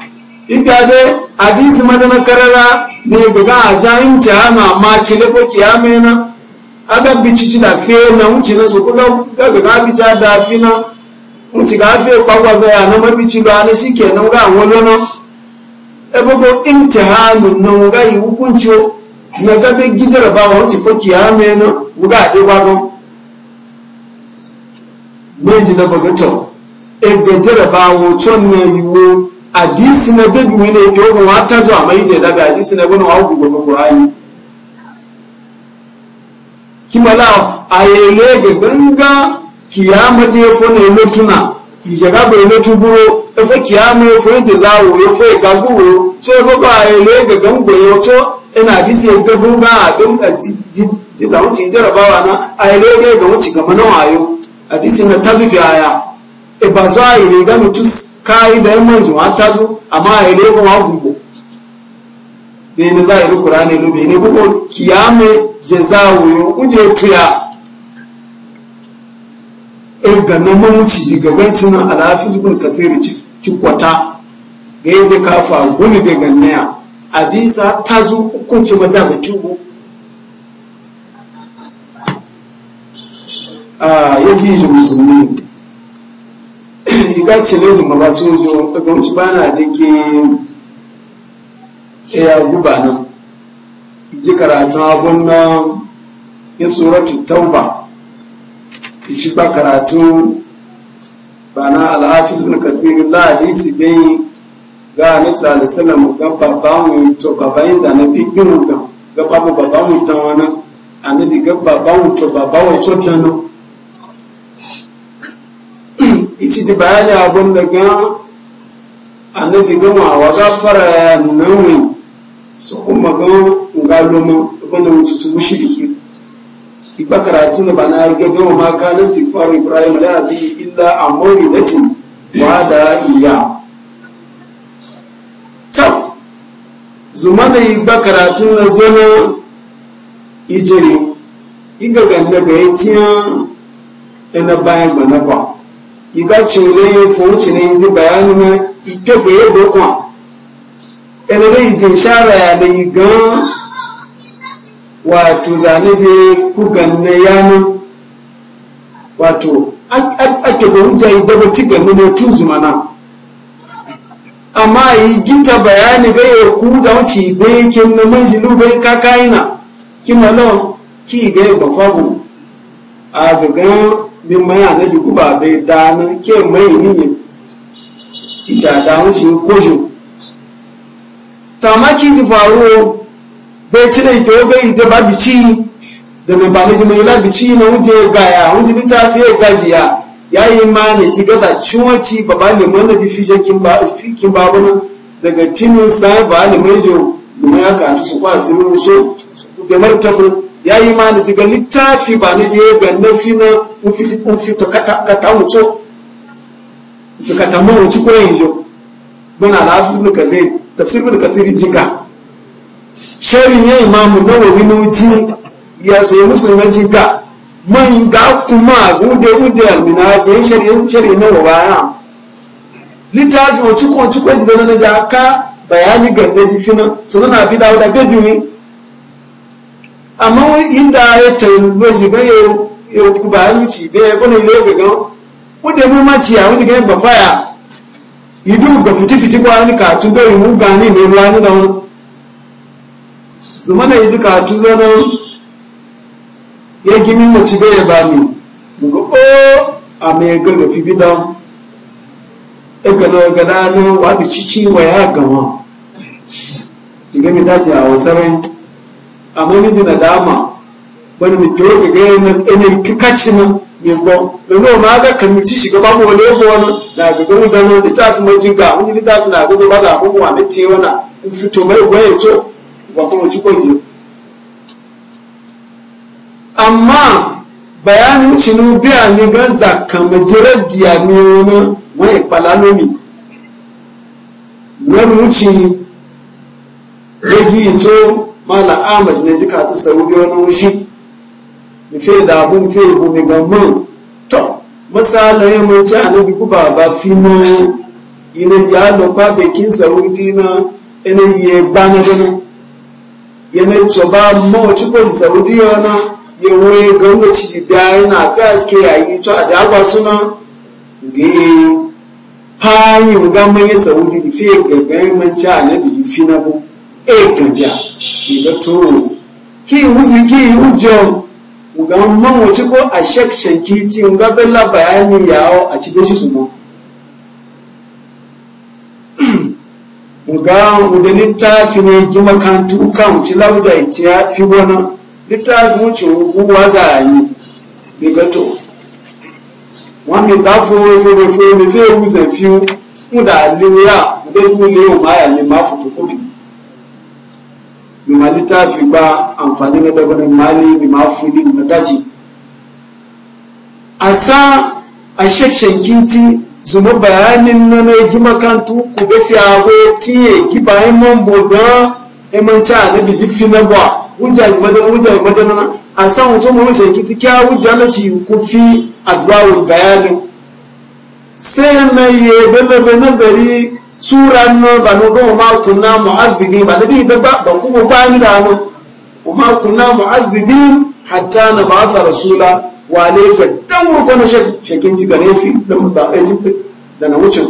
ibe ade hadisi madana karara ne buga a jayin tiyama ma cile ko kiyame na aga bici da fe na wuce na su kuka ga ga bica da fi na wuce ga fe kwakwa ga ya na mabici ba na shi ke nan ga wani na ebogo imtihanun nan ga yi hukunci na gabe gijar ba wa wuce ko kiyame na buga ade ba gwagon mai ji na bagaton ebe jarabawo con na yiwu hadisi na dabi wani ya kyau kuma ta zuwa daga hadisi na kimala a yele ganga kiyama ya fona ya mutuna ìjọba bẹ̀rẹ̀ ló tún búrò ẹfẹ́ kí á mú ẹfẹ́ ìtẹ̀zá òwe fún ìgbàgbúwo tí ó kọ́kọ́ àìlú ẹgbẹ̀gbẹ̀ ń gbẹ̀yẹ ọjọ́ ẹnà àdísí ẹgbẹ̀gbẹ̀ ń gbà àgbẹ̀gbẹ̀ jíjàwó ti jẹ́rọ̀ bá e ba za a yi ga mutu kayi da yamman zuwa ta zo amma a yi ne kuma gugu ne ne za a yi rukura ne lobe ne gugu kiyame jazawo yo uje tuya e ga nan mamuci ga bancin alhafi zubin kafiri cikwata ga yi ka kafa gumi ga gannaya hadisa ta zo hukunci mata za zaki a ah, yake yi musulmi iga ne zuma ba su zo daga wuce ba na da ke ya eh, guba nan ji karatun abun na ya suratu tauba ci ba karatu ba na al'afis bin kasirin la hadisi dai ga anabi sallallahu alaihi wasallam ga babawu to babayin zane bigin ga babu babawu dan wani anabi ga babawu to babawu to dan ichi ti bayani abun da gan annabi gama wa gafara nawi su kuma gan galoma da wuce su mushriki iba karatu da bana ga wa ma ka istighfar ibrahim la bi illa amuri datin wa da iya ta zuma da iba karatu na zona ijeri inga ganda ga yatiya ina bayan ba na ba ìgáàtì olóyè fòun tì ní ti bàyánú mọ ìjókòó yóò dókun ẹni lè ti ṣáàrà àdè ìgán wato da na je na yanu wato ake da wuce yi daba tigan na motu zumana amma yi gita bayani ga ya ku da wuce bai kin na manjilu bai kakayina kin malon ki ga ya bafabu a gagan bí mọ́ ànájú kú bà bẹ dáná kí ẹ mọ́ èyí nìyẹn ìjà àdáhùn ṣe kóṣù tàmákì ti faruwa bai cire ita oge ita ba bici da mai bani ji mai la bici na wuce gaya wuce bi ta fiye gashi ya ya yi ma ne ci gaza ciwaci ba ba ne mana ji fishe kin ba daga tinin sa ba ne mai jo domin ya kanci su kwa asirin so da martabin ya yi ma ji ga littafi ba ni je ga nafi na ufi to kata mutu fi kata mu mutu ko yin yo bana lafi ibn kathir tafsir ibn kathir jika sharin ya yi ma mu nawawi no ji ya sai musulman jika mun ga kuma gude gude alminaji sharin sharin nawawi ya littafi mutu ko mutu ko ji da na jaka bayani ga nafi fina sunan abi dawuda gabi ne amma inda ya tayuba shi ba ya kuba haluci ga ya kone ne ga gan wadda mu maci ya wuce ga ba faya yidu ga fiti fiti ba ni ka tu bai mu gani ne ruwa ni da wani zuma na yi ka tu zana ya gimin ba ya ba ni mu ga ko oh, a mai ga ga fi bidan e ga ga da na wa bi cici wa ya gama ga mi ta ce a wasarai amma miji na dama bani mi kyo ga gaya na ene kikaci na mi bo da no ma ga kan shiga ba mu wale bo wani na ga gani da no litafi mai jinga wani litafi na gazo ba da abubuwa na ce wani in fito mai gwaye to ba kuma ci kwanji amma bayanin cinu biya ni ban zaka majirar diya mi wani wani palalomi na mi wuce regi to mala ahmad ne jika ta saudi wani wushi fe da abun fe bu mi ga to masala ya mun ci anabi ku ba ba fino ina ya da pa be kin saudi na ina ye ba na bana Ya ne to ba mu ci ko saudi na ya we ga mu ci da ina fa aske yayi to da ba suna ge hayi mu ga mun ye saudi fi ga ga mun ci anabi fi na bu ekebia ibatoro ki wuzi ki wujo nga mamu ciko a shek shankiti bayani yawo a cikin mu nga da littafi ne gi makantu kan ci lauja ci ya fi littafi mu ci ruwa za a yi bigato wani da fowai fowai fowai ne zai wuza mu da aliyu ya mu dai gule ma ne ma fito mi ma littafi ba amfani na dabanin mali mi ma fuli na daji a sa a shakshen kiti zuma bayanin na na yi makantu ku ga fiyago tiye ki bayan e man boga e a na bifi fi na wuja madana wuja madana a sa mutum mu shakshen kiti kya wuja na ci ku fi bayanin sai na yi bebe nazari sura no ba no go ma kunna mu'azzibin ba da bi da ba ba ku ba ni da mu ma kunna mu'azzibin hatta na ba ta rasula wa alayka dan ko na shekin ci gare fi da mu ba da na wuce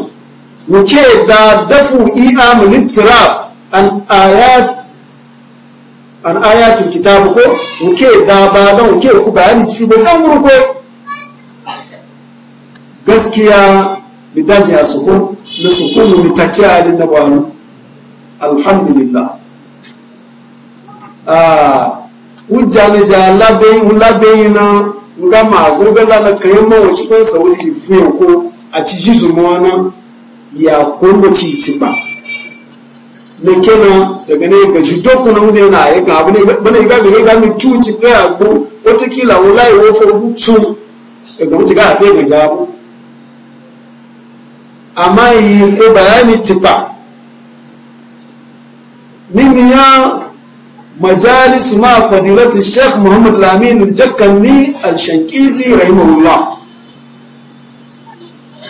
mu ke da dafu iya min tirab an ayat an ayatul kitab ko mu ke da ba dan mu ke ku bayani ci ba dan ko gaskiya bidaji a sukun na sukunu mi tacce yi ta bano alhamdulillah ah wujja ne ja labe labe na nga ma gobe la na kai ma wasu kan sauri ki fiye ko a ci jizu mu wana ya kondo ci ba ne kenan daga ne ga shi doku na mutane na ayi abu ne bane ga ga ga mi tuci kaya ko wata kila wallahi wofo bucu daga mutu ga afe ga jabu amma yi e bayani tipa mimi ya majalis ma fadilati sheikh muhammad lamin jakkanni alshankiti rahimahullah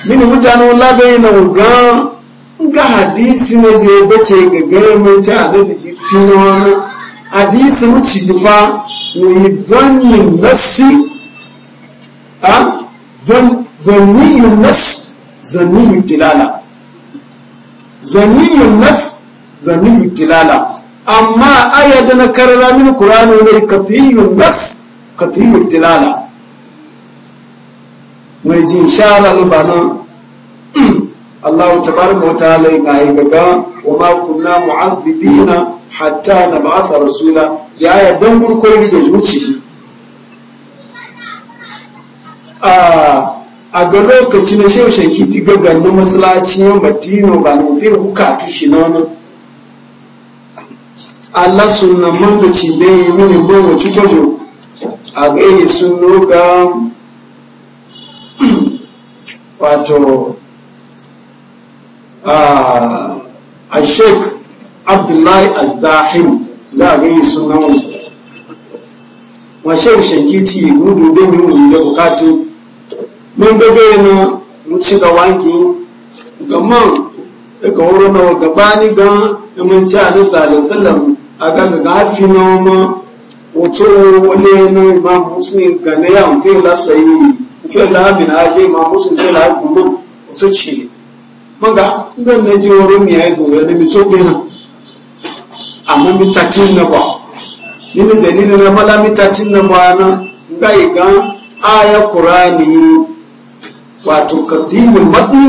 mini mutanen labai na gan ga hadisi na zai bace ga gaimin ci da dabi fi wani hadisi wuce jifa mai zannin nasi a ah, zannin nasi zanniyu tilala zanniyu nas zanniyu tilala amma aya da na karara min qur'ani ne katiyu nas katiyu tilala mai jin shara lubana Allah tabaraka wa ta'ala ya yi gaga wa ma kunna mu'azzibina hatta nab'atha rasula ya ya dan burkoi da zuci ah a ga lokaci na shehu shakiti ga garin masalaci ya matino ba na fi kuka tushi na wani Allah suna mangaci da ya mini gbogbo ci a ga yi sun nuka wato a sheik abdullahi azahim da ga yi sun gama wa shehu shakiti gudu da mimu da bukatu don gabe na wuce ga wangi gaman daga wurin na gabani ga imanci a nasa alisalam a ga ga gafi na wama wato wale na imam muslim ga na yawon fiye la sayi fiye la abin aje imam muslim fiye la kuma wato ce manga ngan na ji wurin mi ayi gobe na mi tobe na amma mi tatin na ba ni ne dalilin na mala mi tatin na ba na ga igan aya qur'ani wato katibul matni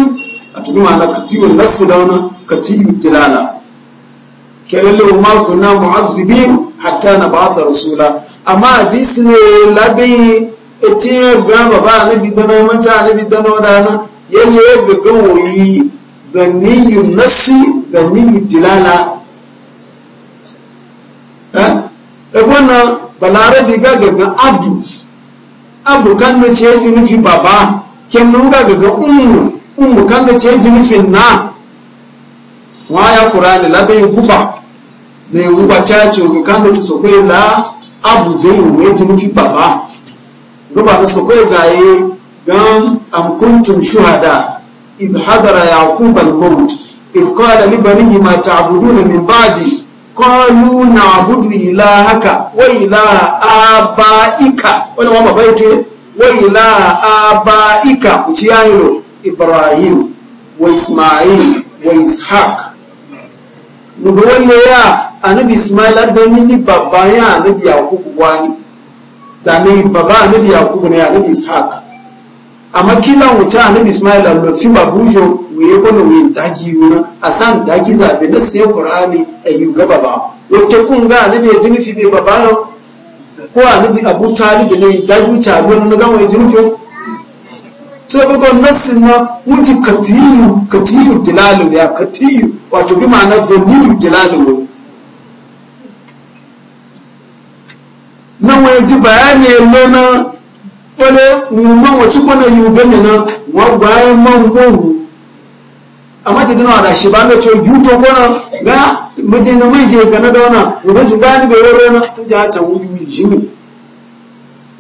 a tuɗi ma'ana katibul nassi da wani katibul tilala kenan lewu mako na mu'azzibin hatta na ba'atha rasula amma hadisi ne labin eti gama ba bi da mai manta bi da nodana yalle ya gaga woyi zanniyu nasi zanniyu dilala eh ebona eh, balarabi ga gaga abdu abu kan mace ce ji nufi baba kin nuna daga umu umu kan da ce jinifin na wa ya qur'ani la bai gufa da ya gufa ta ce ko kan da ce so kai la abu da ya jinifi baba guba da so kai gaye gam amkuntun shuhada in hadara ya al maut if qala yi mata ma ta'buduna min ba'di qalu ila haka, wa ilaha abaika wani wa babaita wa ila abaika kuciyayiro ibrahim wa isma'il wa ishaq nubu wanne ya anabi isma'il adami ni baba ya anabi yakubu wani zane baba anabi yakubu ne anabi ishaq amma kila wuce anabi isma'il allo fi babujo wuye kono wuye dagi wuna asan dagi zabe na sai qur'ani ayu gaba ba wata kun ga anabi ya jini fi baba ko anabi abu talib ne daju chalo na ga wai jinfo so ko ko nasin ma katiyu katiyu dilalu ya katiyu wato bi ma'ana zaniyu dilalu na wai ji bayani lona wale mun wace kwana yube ne na wa bayan man gohu amma da wa da shi ba na ce yuto kwana ga mace na man shekana da wana wani jubani bai wani rana in ji haca wuri wuri shi ne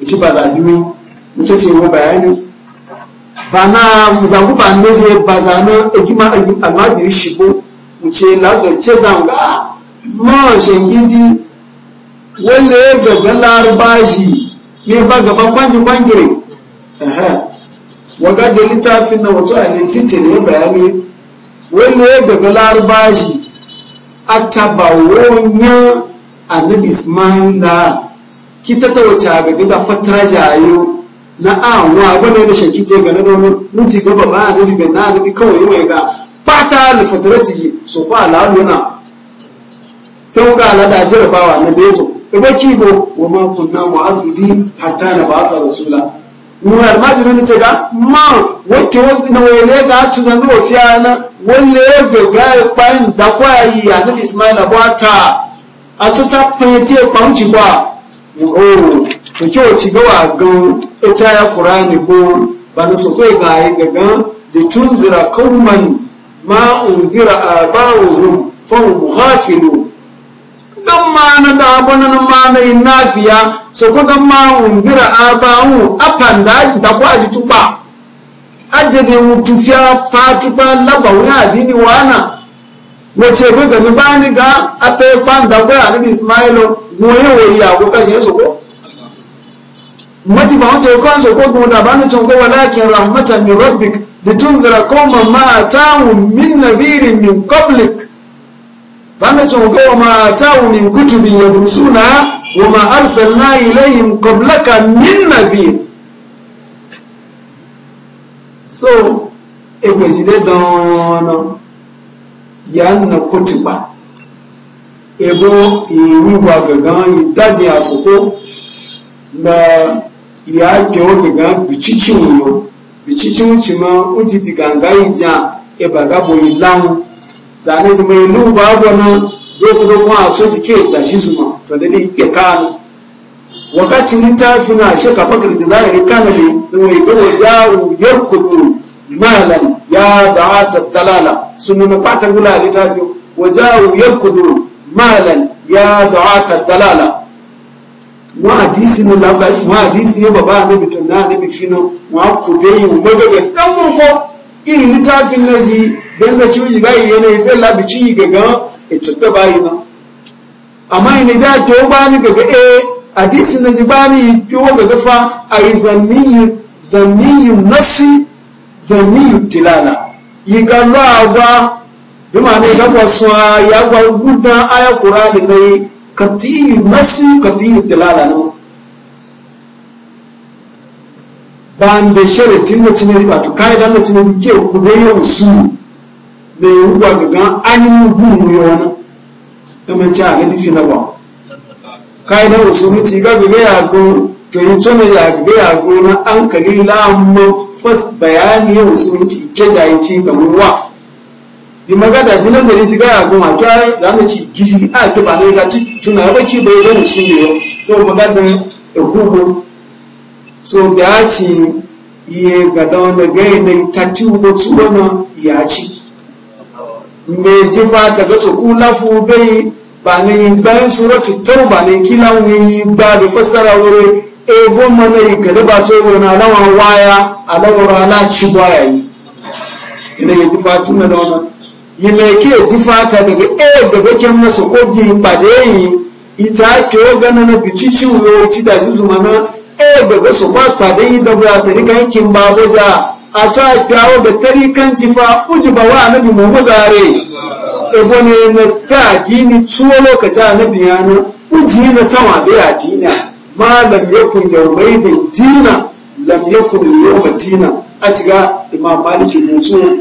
ci ba ladimi mutu ce wa bayani ba na muzagu ba ne ce ba zana egima almajiri shigo mu ce lagar ce da ga ma shengiji wanda ya gaga larabashi ne ba gaba kwanji kwangire waga da littafin na wato a littafin ya bayani wanda ya gaga larabashi atabawonya annabi ismaila kita ta wace ga gaza fatara jayo na awa gwada da shanki je ga na domin miji gaba ba annabi ga na annabi kawai mai ga fata da fatara jiki so ba laluna sau ga alada jarabawa na beto da baki bo wa ma kunna mu'azzibi hatta na ba'a sula nuna almajiri ni tega ma wote na wele ga tuza ni ofiana wole ebe ga epa nda kwa yi anabi ismail abu ata atuta penti epa nchi kwa o toki oci wa gan ita e ya qur'ani ko ba na so kai ga yi gaga da tunzira kauman ma a unzira aba'uhum fa hum ghafilun kan mana da abunan mana yin nafiya su ko kan ma wundira abahu apan da da ko aji tuba ajaze mutufiya fatuba laba wa adini wana wace ga gani bani ga atai kwan da ko annabi ismailo goye wori ya ko kashe su ko mati ba wace kan su ko gumu da bani tun ko walakin rahmatan min rabbik zira koma ma atahum min nadhirin min koblik bana ce ga wa ma ta'u min kutubin yadrusuna wa ma arsalna ilayhim qablaka min so egbe jide ya na kutuba ebo iwiwa gangan su ko na ya jo gangan bichichi wuyo bichichi wuci ma uji diganga ija ebagabo ilahun zane su mai lu babu nan doku doku a soji ke da shi su ma to da dai ya kanu wakati littafi na shaka bakar da za a yi kano ne da mai gawa jawo yarkudu malam ya da da'ata dalala sunna na fatan gula littafi wa jawo yarkudu malam ya da'ata dalala mu hadisi ne labari mu hadisi ne baba ne bitun na ne bitun mu ku dai mu ga ga dan mu iri littafin lazi don da cuji bayi yana yi fela bi ci gaga e tutta bayi na amma ina da to ba ni gaga e hadisi na zibani to gaga fa ai zanniyu zanniyu nasi zanniyu tilala yi ga rawa bima ne ga wasu ya gwa gudan aya qur'ani ne katiyu nasi katiyu tilala no bambe sharatin da tin riba to kai dan da cine rike ku da yawan su da yuwa gaga aninu guru yo wannan da man cha ga dishi na ba kai dan su mu ci ga ga ya go to yin tsone ya ga ya go na an kalila mu fas bayani yau su mu ci ke zai ci ga ruwa di magada ji nazari ci ga ya go ma kai dan ci gishi a ke ba ne ga ci tuna ba ki bai da su ne so magada e gugu so ga ci ye ga da gai na tatti ko su wana ya ci me ji fata ga su kula fu bai ba na yin bayan suratu tauba ne kila wani ba da fassara wuri e eh, bon mana yi ga da ba to na lawan waya a lawan rana ci baya yi ina ya ji fatu na da wannan yi mai ke ji fata daga e da bakin masa ko ji ba da yi ita ke gana na bici ciwo ci da ji na. e daga su ma kwada yi da buya rika yankin za a ta kyawo da tarikanci jifa uji ba wa annabi mu gare ebo ne na ta dini tuwo lokaci annabi ya na uji na sama da ya dina ma lam yakun yawmai da dina lam yakun yawma dina a cika imam maliki mutu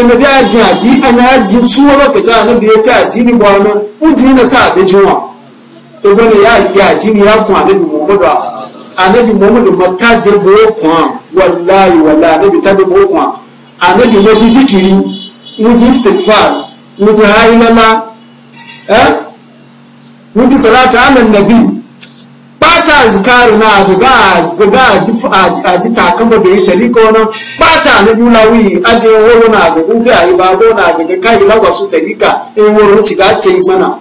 inda da ji adi ana ji tuwo lokaci annabi ya ta dini ba na uji na sa da juma ebo ne ya ya dini ya kuma annabi mu gare anabi muhammadu ma ta de bo kwan wallahi wallahi anabi ta de bo kwan anabi mo ti zikiri mo ti istighfar mo ti hayilala eh mo ti salatu ala nabi bata azkaru na guga guga a ji takamba da yi tari ko nan bata na dulawi ade horo na gugu ga yi babo na guga kai lagwasu tarika in horo ci ga ce mana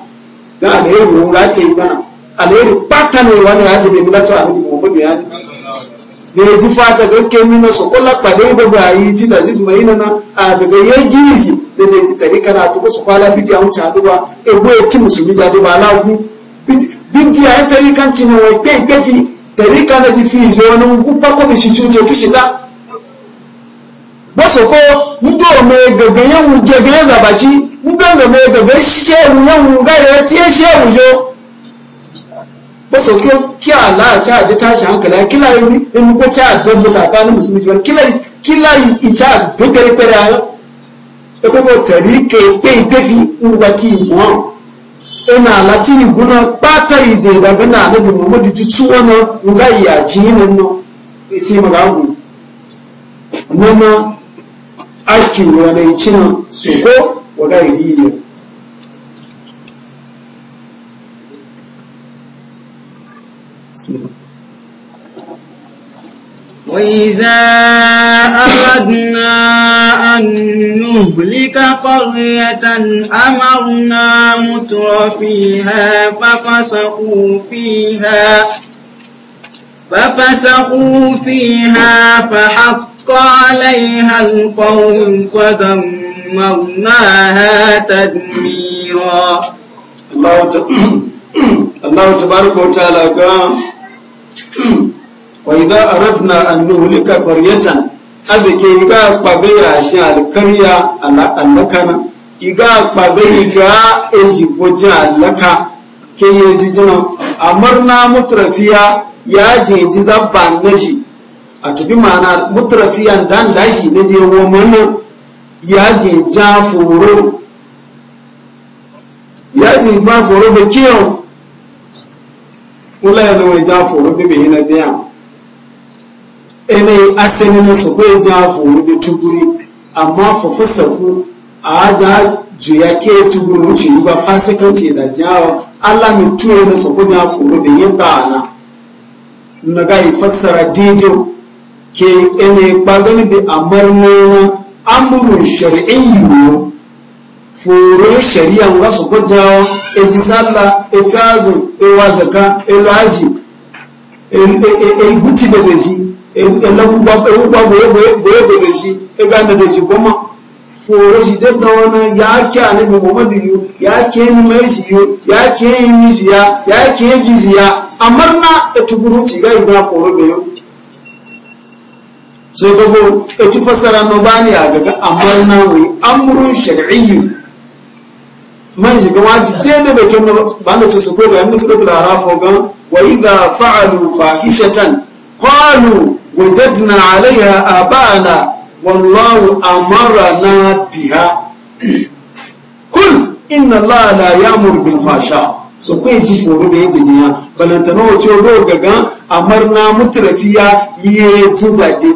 ga alheri ga ce mana alheri pátá ni ìwà ni àjò bèbí látọ̀ àwọn ìmọ̀mọ́dé yájú da ya ji fata da ke mina su kula kwade da ba yi ci da ji zuma yana a daga ya ji shi da zai ji tare kana tuku su kwala bidiya wuce aduwa e bo ya ci musulmi da aduwa lagu bidiya ya tare kan ci na wai kai kafi tare kana ji fi zo wani gubba ko da shi cuce ki shiga ba su ko mutu mai gagayen gagayen zabaci mutu mai gagayen shehu yawon gaya ya tiye shehu jo ba sau kyau kiya la'aci a tashi hankali kila yi in ko ci a don tsakanin musulmi ba kila kila yi ci a gaggare kwari a yau ya kuma tari ke pe dafi ngwati muwa ina e latini guna bata ije daga na alabi muhammadu ji ciwo na nga iya ji yi nan no e iti magagu nana aki wani cinan su ko wa ga yi ne بسم الله وإذا أردنا أن نهلك قرية أمرنا متر فيها ففسقوا فيها ففسقوا فيها فحق عليها القول فدمرناها تدميرا الله تبارك وتعالى قال wa idza aradna an nuhlika qaryatan abike iga kpabeya ti alkarya alakana iga kpabe iga ejibo ti alaka ke ye jijina amarna mutrafiya ya jeji zabban naji a tubi mana mutrafiyan dan lashi na je wo mana ya je ja foro ya je ba foro ba kiyon kula yana na ja foro bibi hina biya ene aseni na su kwe ja foro bi tuguri amma fafasa ku a ja juya ke tuguri wuce yi ba fasikanci da jawo allah mai tuye na su kwe bi yi ta'ala na ga fassara daidai ke ene gbagani bi amar amurin shari'in yiwu foro sharia ba su jawo e ji sallah e fi azu e wazaka e lọ́ajì e guti bebe ji e lọ́gbà boye bebe ji e ga da ji goma foro shi dai da wani ya ke annabi muhammadu yu ya ake yi mai shi yu ya ake yi mijiya ya ke giziya amma na e tuguru ci ga ita foro da yau sai gbogbo e ci fasara no bani a gaga amma na wai amurin shari'i man shiga waji sai da bakin ba na su ko ga mun suka tulara fogan wa idza fa'alu fahishatan qalu wajadna 'alayha abana wallahu amarna biha kul inna allaha la ya'muru bil fasha su kai ji foro da yake duniya balantana wace ro gaga amarna mutrafiya ye ji zade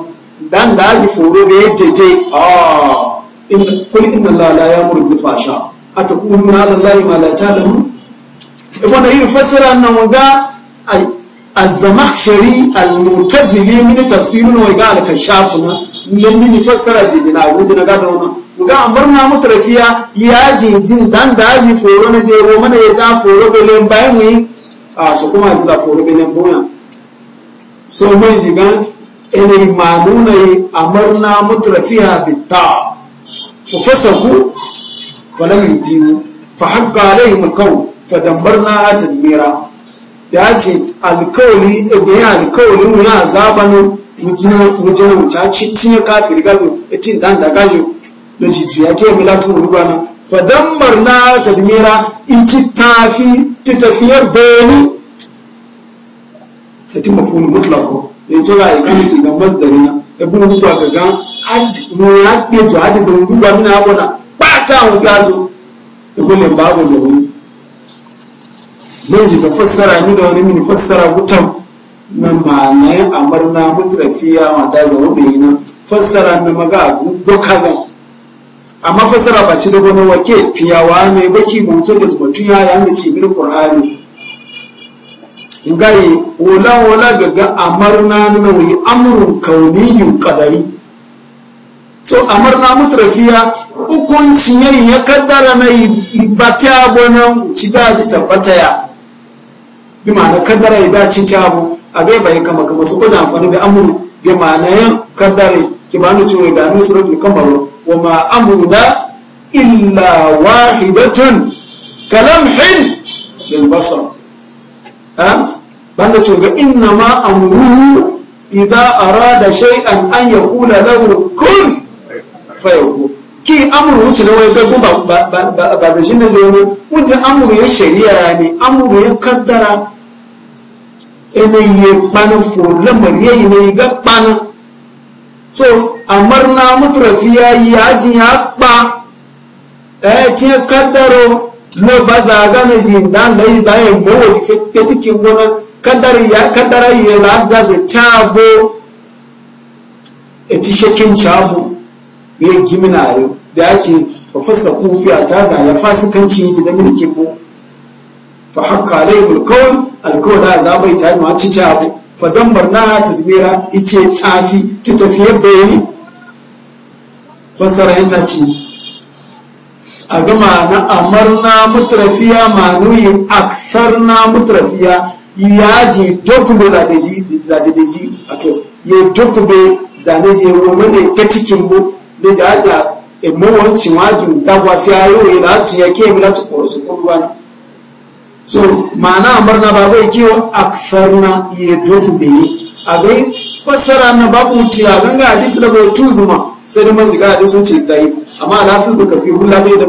dan da ji foro da yake dai ah kul inna allaha la ya'muru bil fahsha a taƙuluna alallahi ma la ta'lamun ibn irin fasira nan waga az-zamakhshari al-mu'tazili tafsiru na waga al-kashaf na nan ni fassara jidina gudu na gada wannan ga na mutrafiya ya jin dan da aji foro na je mana na ya ta foro belen bayan mu a su kuma ji da foro belen boya so mun shiga ene manuna amurna mutrafiya bitta fufasa ku. falam yutimu fa haqqa alaihim alqawl fa dambarna atmira ya ce alkawli ebe eh, ya alkawli mu ya zabanu mujina mujina wuce ci tinye kafir gazo etin dan da gazo da jitu ya ke milatu rubana fa dambarna tadmira ichi tafi titafiyar bayani etin mafulu mutlaqo ya ce ga ikan su da masdarina ibn ruba ga ga mu ya ke to hadisi mun duba mina abuna ya gazo da kuma babu da wani yanzu ka fassara ni da wani mini fassara hutan na a amarna mutrafiya ma da zama bai nan fassara na maga doka ga amma fassara ba ci da wani wake fiyawa ne baki mutu da zubatu ya ya mace mini qur'ani ngai wala ga a amarna na wuyi amurin kauniyun ƙadari? so amarna mutrafiya hukuncin yayin ya kaddara na ibata gonan ci daji tabbata ya bi ma'ana kaddara ya dace ci abu a bai bai kama kama su kuma amfani da amuru bi ma'ana yan kaddara ki ba ni cewa ga ni suratul kamar wa ma da illa wahidatun kalamhin bil basar ha banda cewa inna ma amruhu idza arada shay'an an yaqula lahu kun fayahu ki amuru wuce na wai gaggun ba da shi na zo ne wuce amuru ya shari'a ne amuru ya kaddara emeyiye kpanin fulan mariya yi ne ga kpanin so amar na mutrafi ya yi ajin ya kpa eh ti kaddaro lo ba za ga na ji dan da yi zai mo ke tiki gona kaddara ya kaddara ya la ga za tabo eti shekin chabo ya gimina yau da ya ce fa fasa kufiya ta ga ya fasikanci yake da mulkin mu fa hakka alayhi mulkawar alkawar da za bai ta ma ci ta abu fa ta tadbira ice tafi ta ya ne fasara ya ta ce a gama na amar na mutrafiya manuyi aksar na mutrafiya duk dokube zadeji a to ya dokube zadeji ya wani ne ta cikin mu da za ta emowanci wajin dagwa da hatu ya ke mila tukuru su kurwa na so ma'ana amar na babu ya kewa akfar na ya dubbe a bai fassara na babu wuce a ganga hadisi da bai tuzuma sai da manzi ga hadisun ce da ahmad labai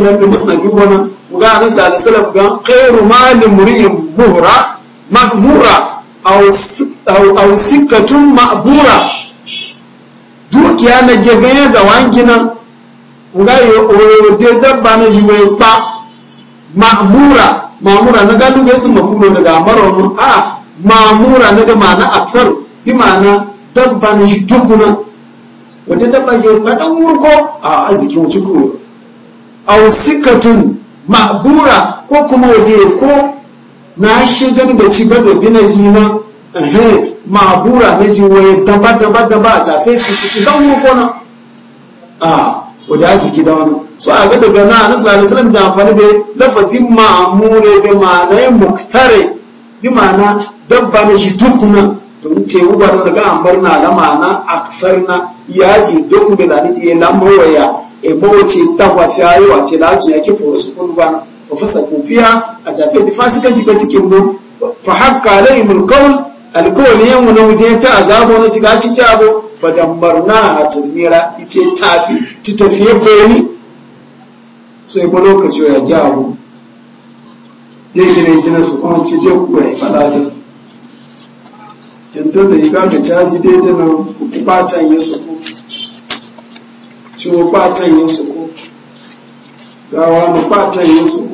na da da alisalaf ga khairu malin muri'in mahmura aw sikkatun ma'bura dukiya na gegaye zawangina nga yote dabba na jiwe pa ma'mura ma'mura na ga duka su mafulo daga amara mu a ma'mura na ga ma'ana akthar bi ma'ana dabba na shi duguna wata dabba shi pa dan wurko a aziki mu cikuru aw sikkatun ma'bura ko kuma waje ko na shigar da ci gaba bi na jina mabura na ji waye daba daba daba a tafe su su don mu kona a wadda su da wani so a ga daga na anasu alisalam ta amfani da lafazin ma'amure da ma'anayin muktare bi ma'ana dabba na shi dukuna to ce uba da daga ambar na la ma'ana akfarna yaji dukuna da ni ke lamoya e bawace tabbafi fiyayi ce da ajiya ki foro su ba fa fasaku fiha a tafe ta fasikanci ba cikin mu fa hakka alaihim alqawl alqawli yamu na wuje ta azabo na ciga ci tabo fa dambarna atmira ice tafi ti tafiye bayani sai ko lokaci ya jawo dai gine jina su kuma ci je ku ya fada da tunda da yiga ta caji dai da nan ku batan yesu ku ciwo batan yesu ku gawa mu batan yesu ku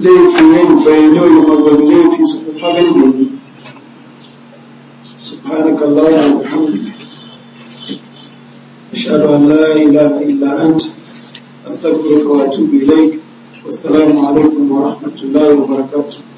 laifi ne bayani wani magwani laifi su kufa gani ne su fara kallon alhamdulillah ashadu ilaha illa anta astagfirullah wa atubu ilaik wassalamu alaikum wa rahmatullahi wa barakatuh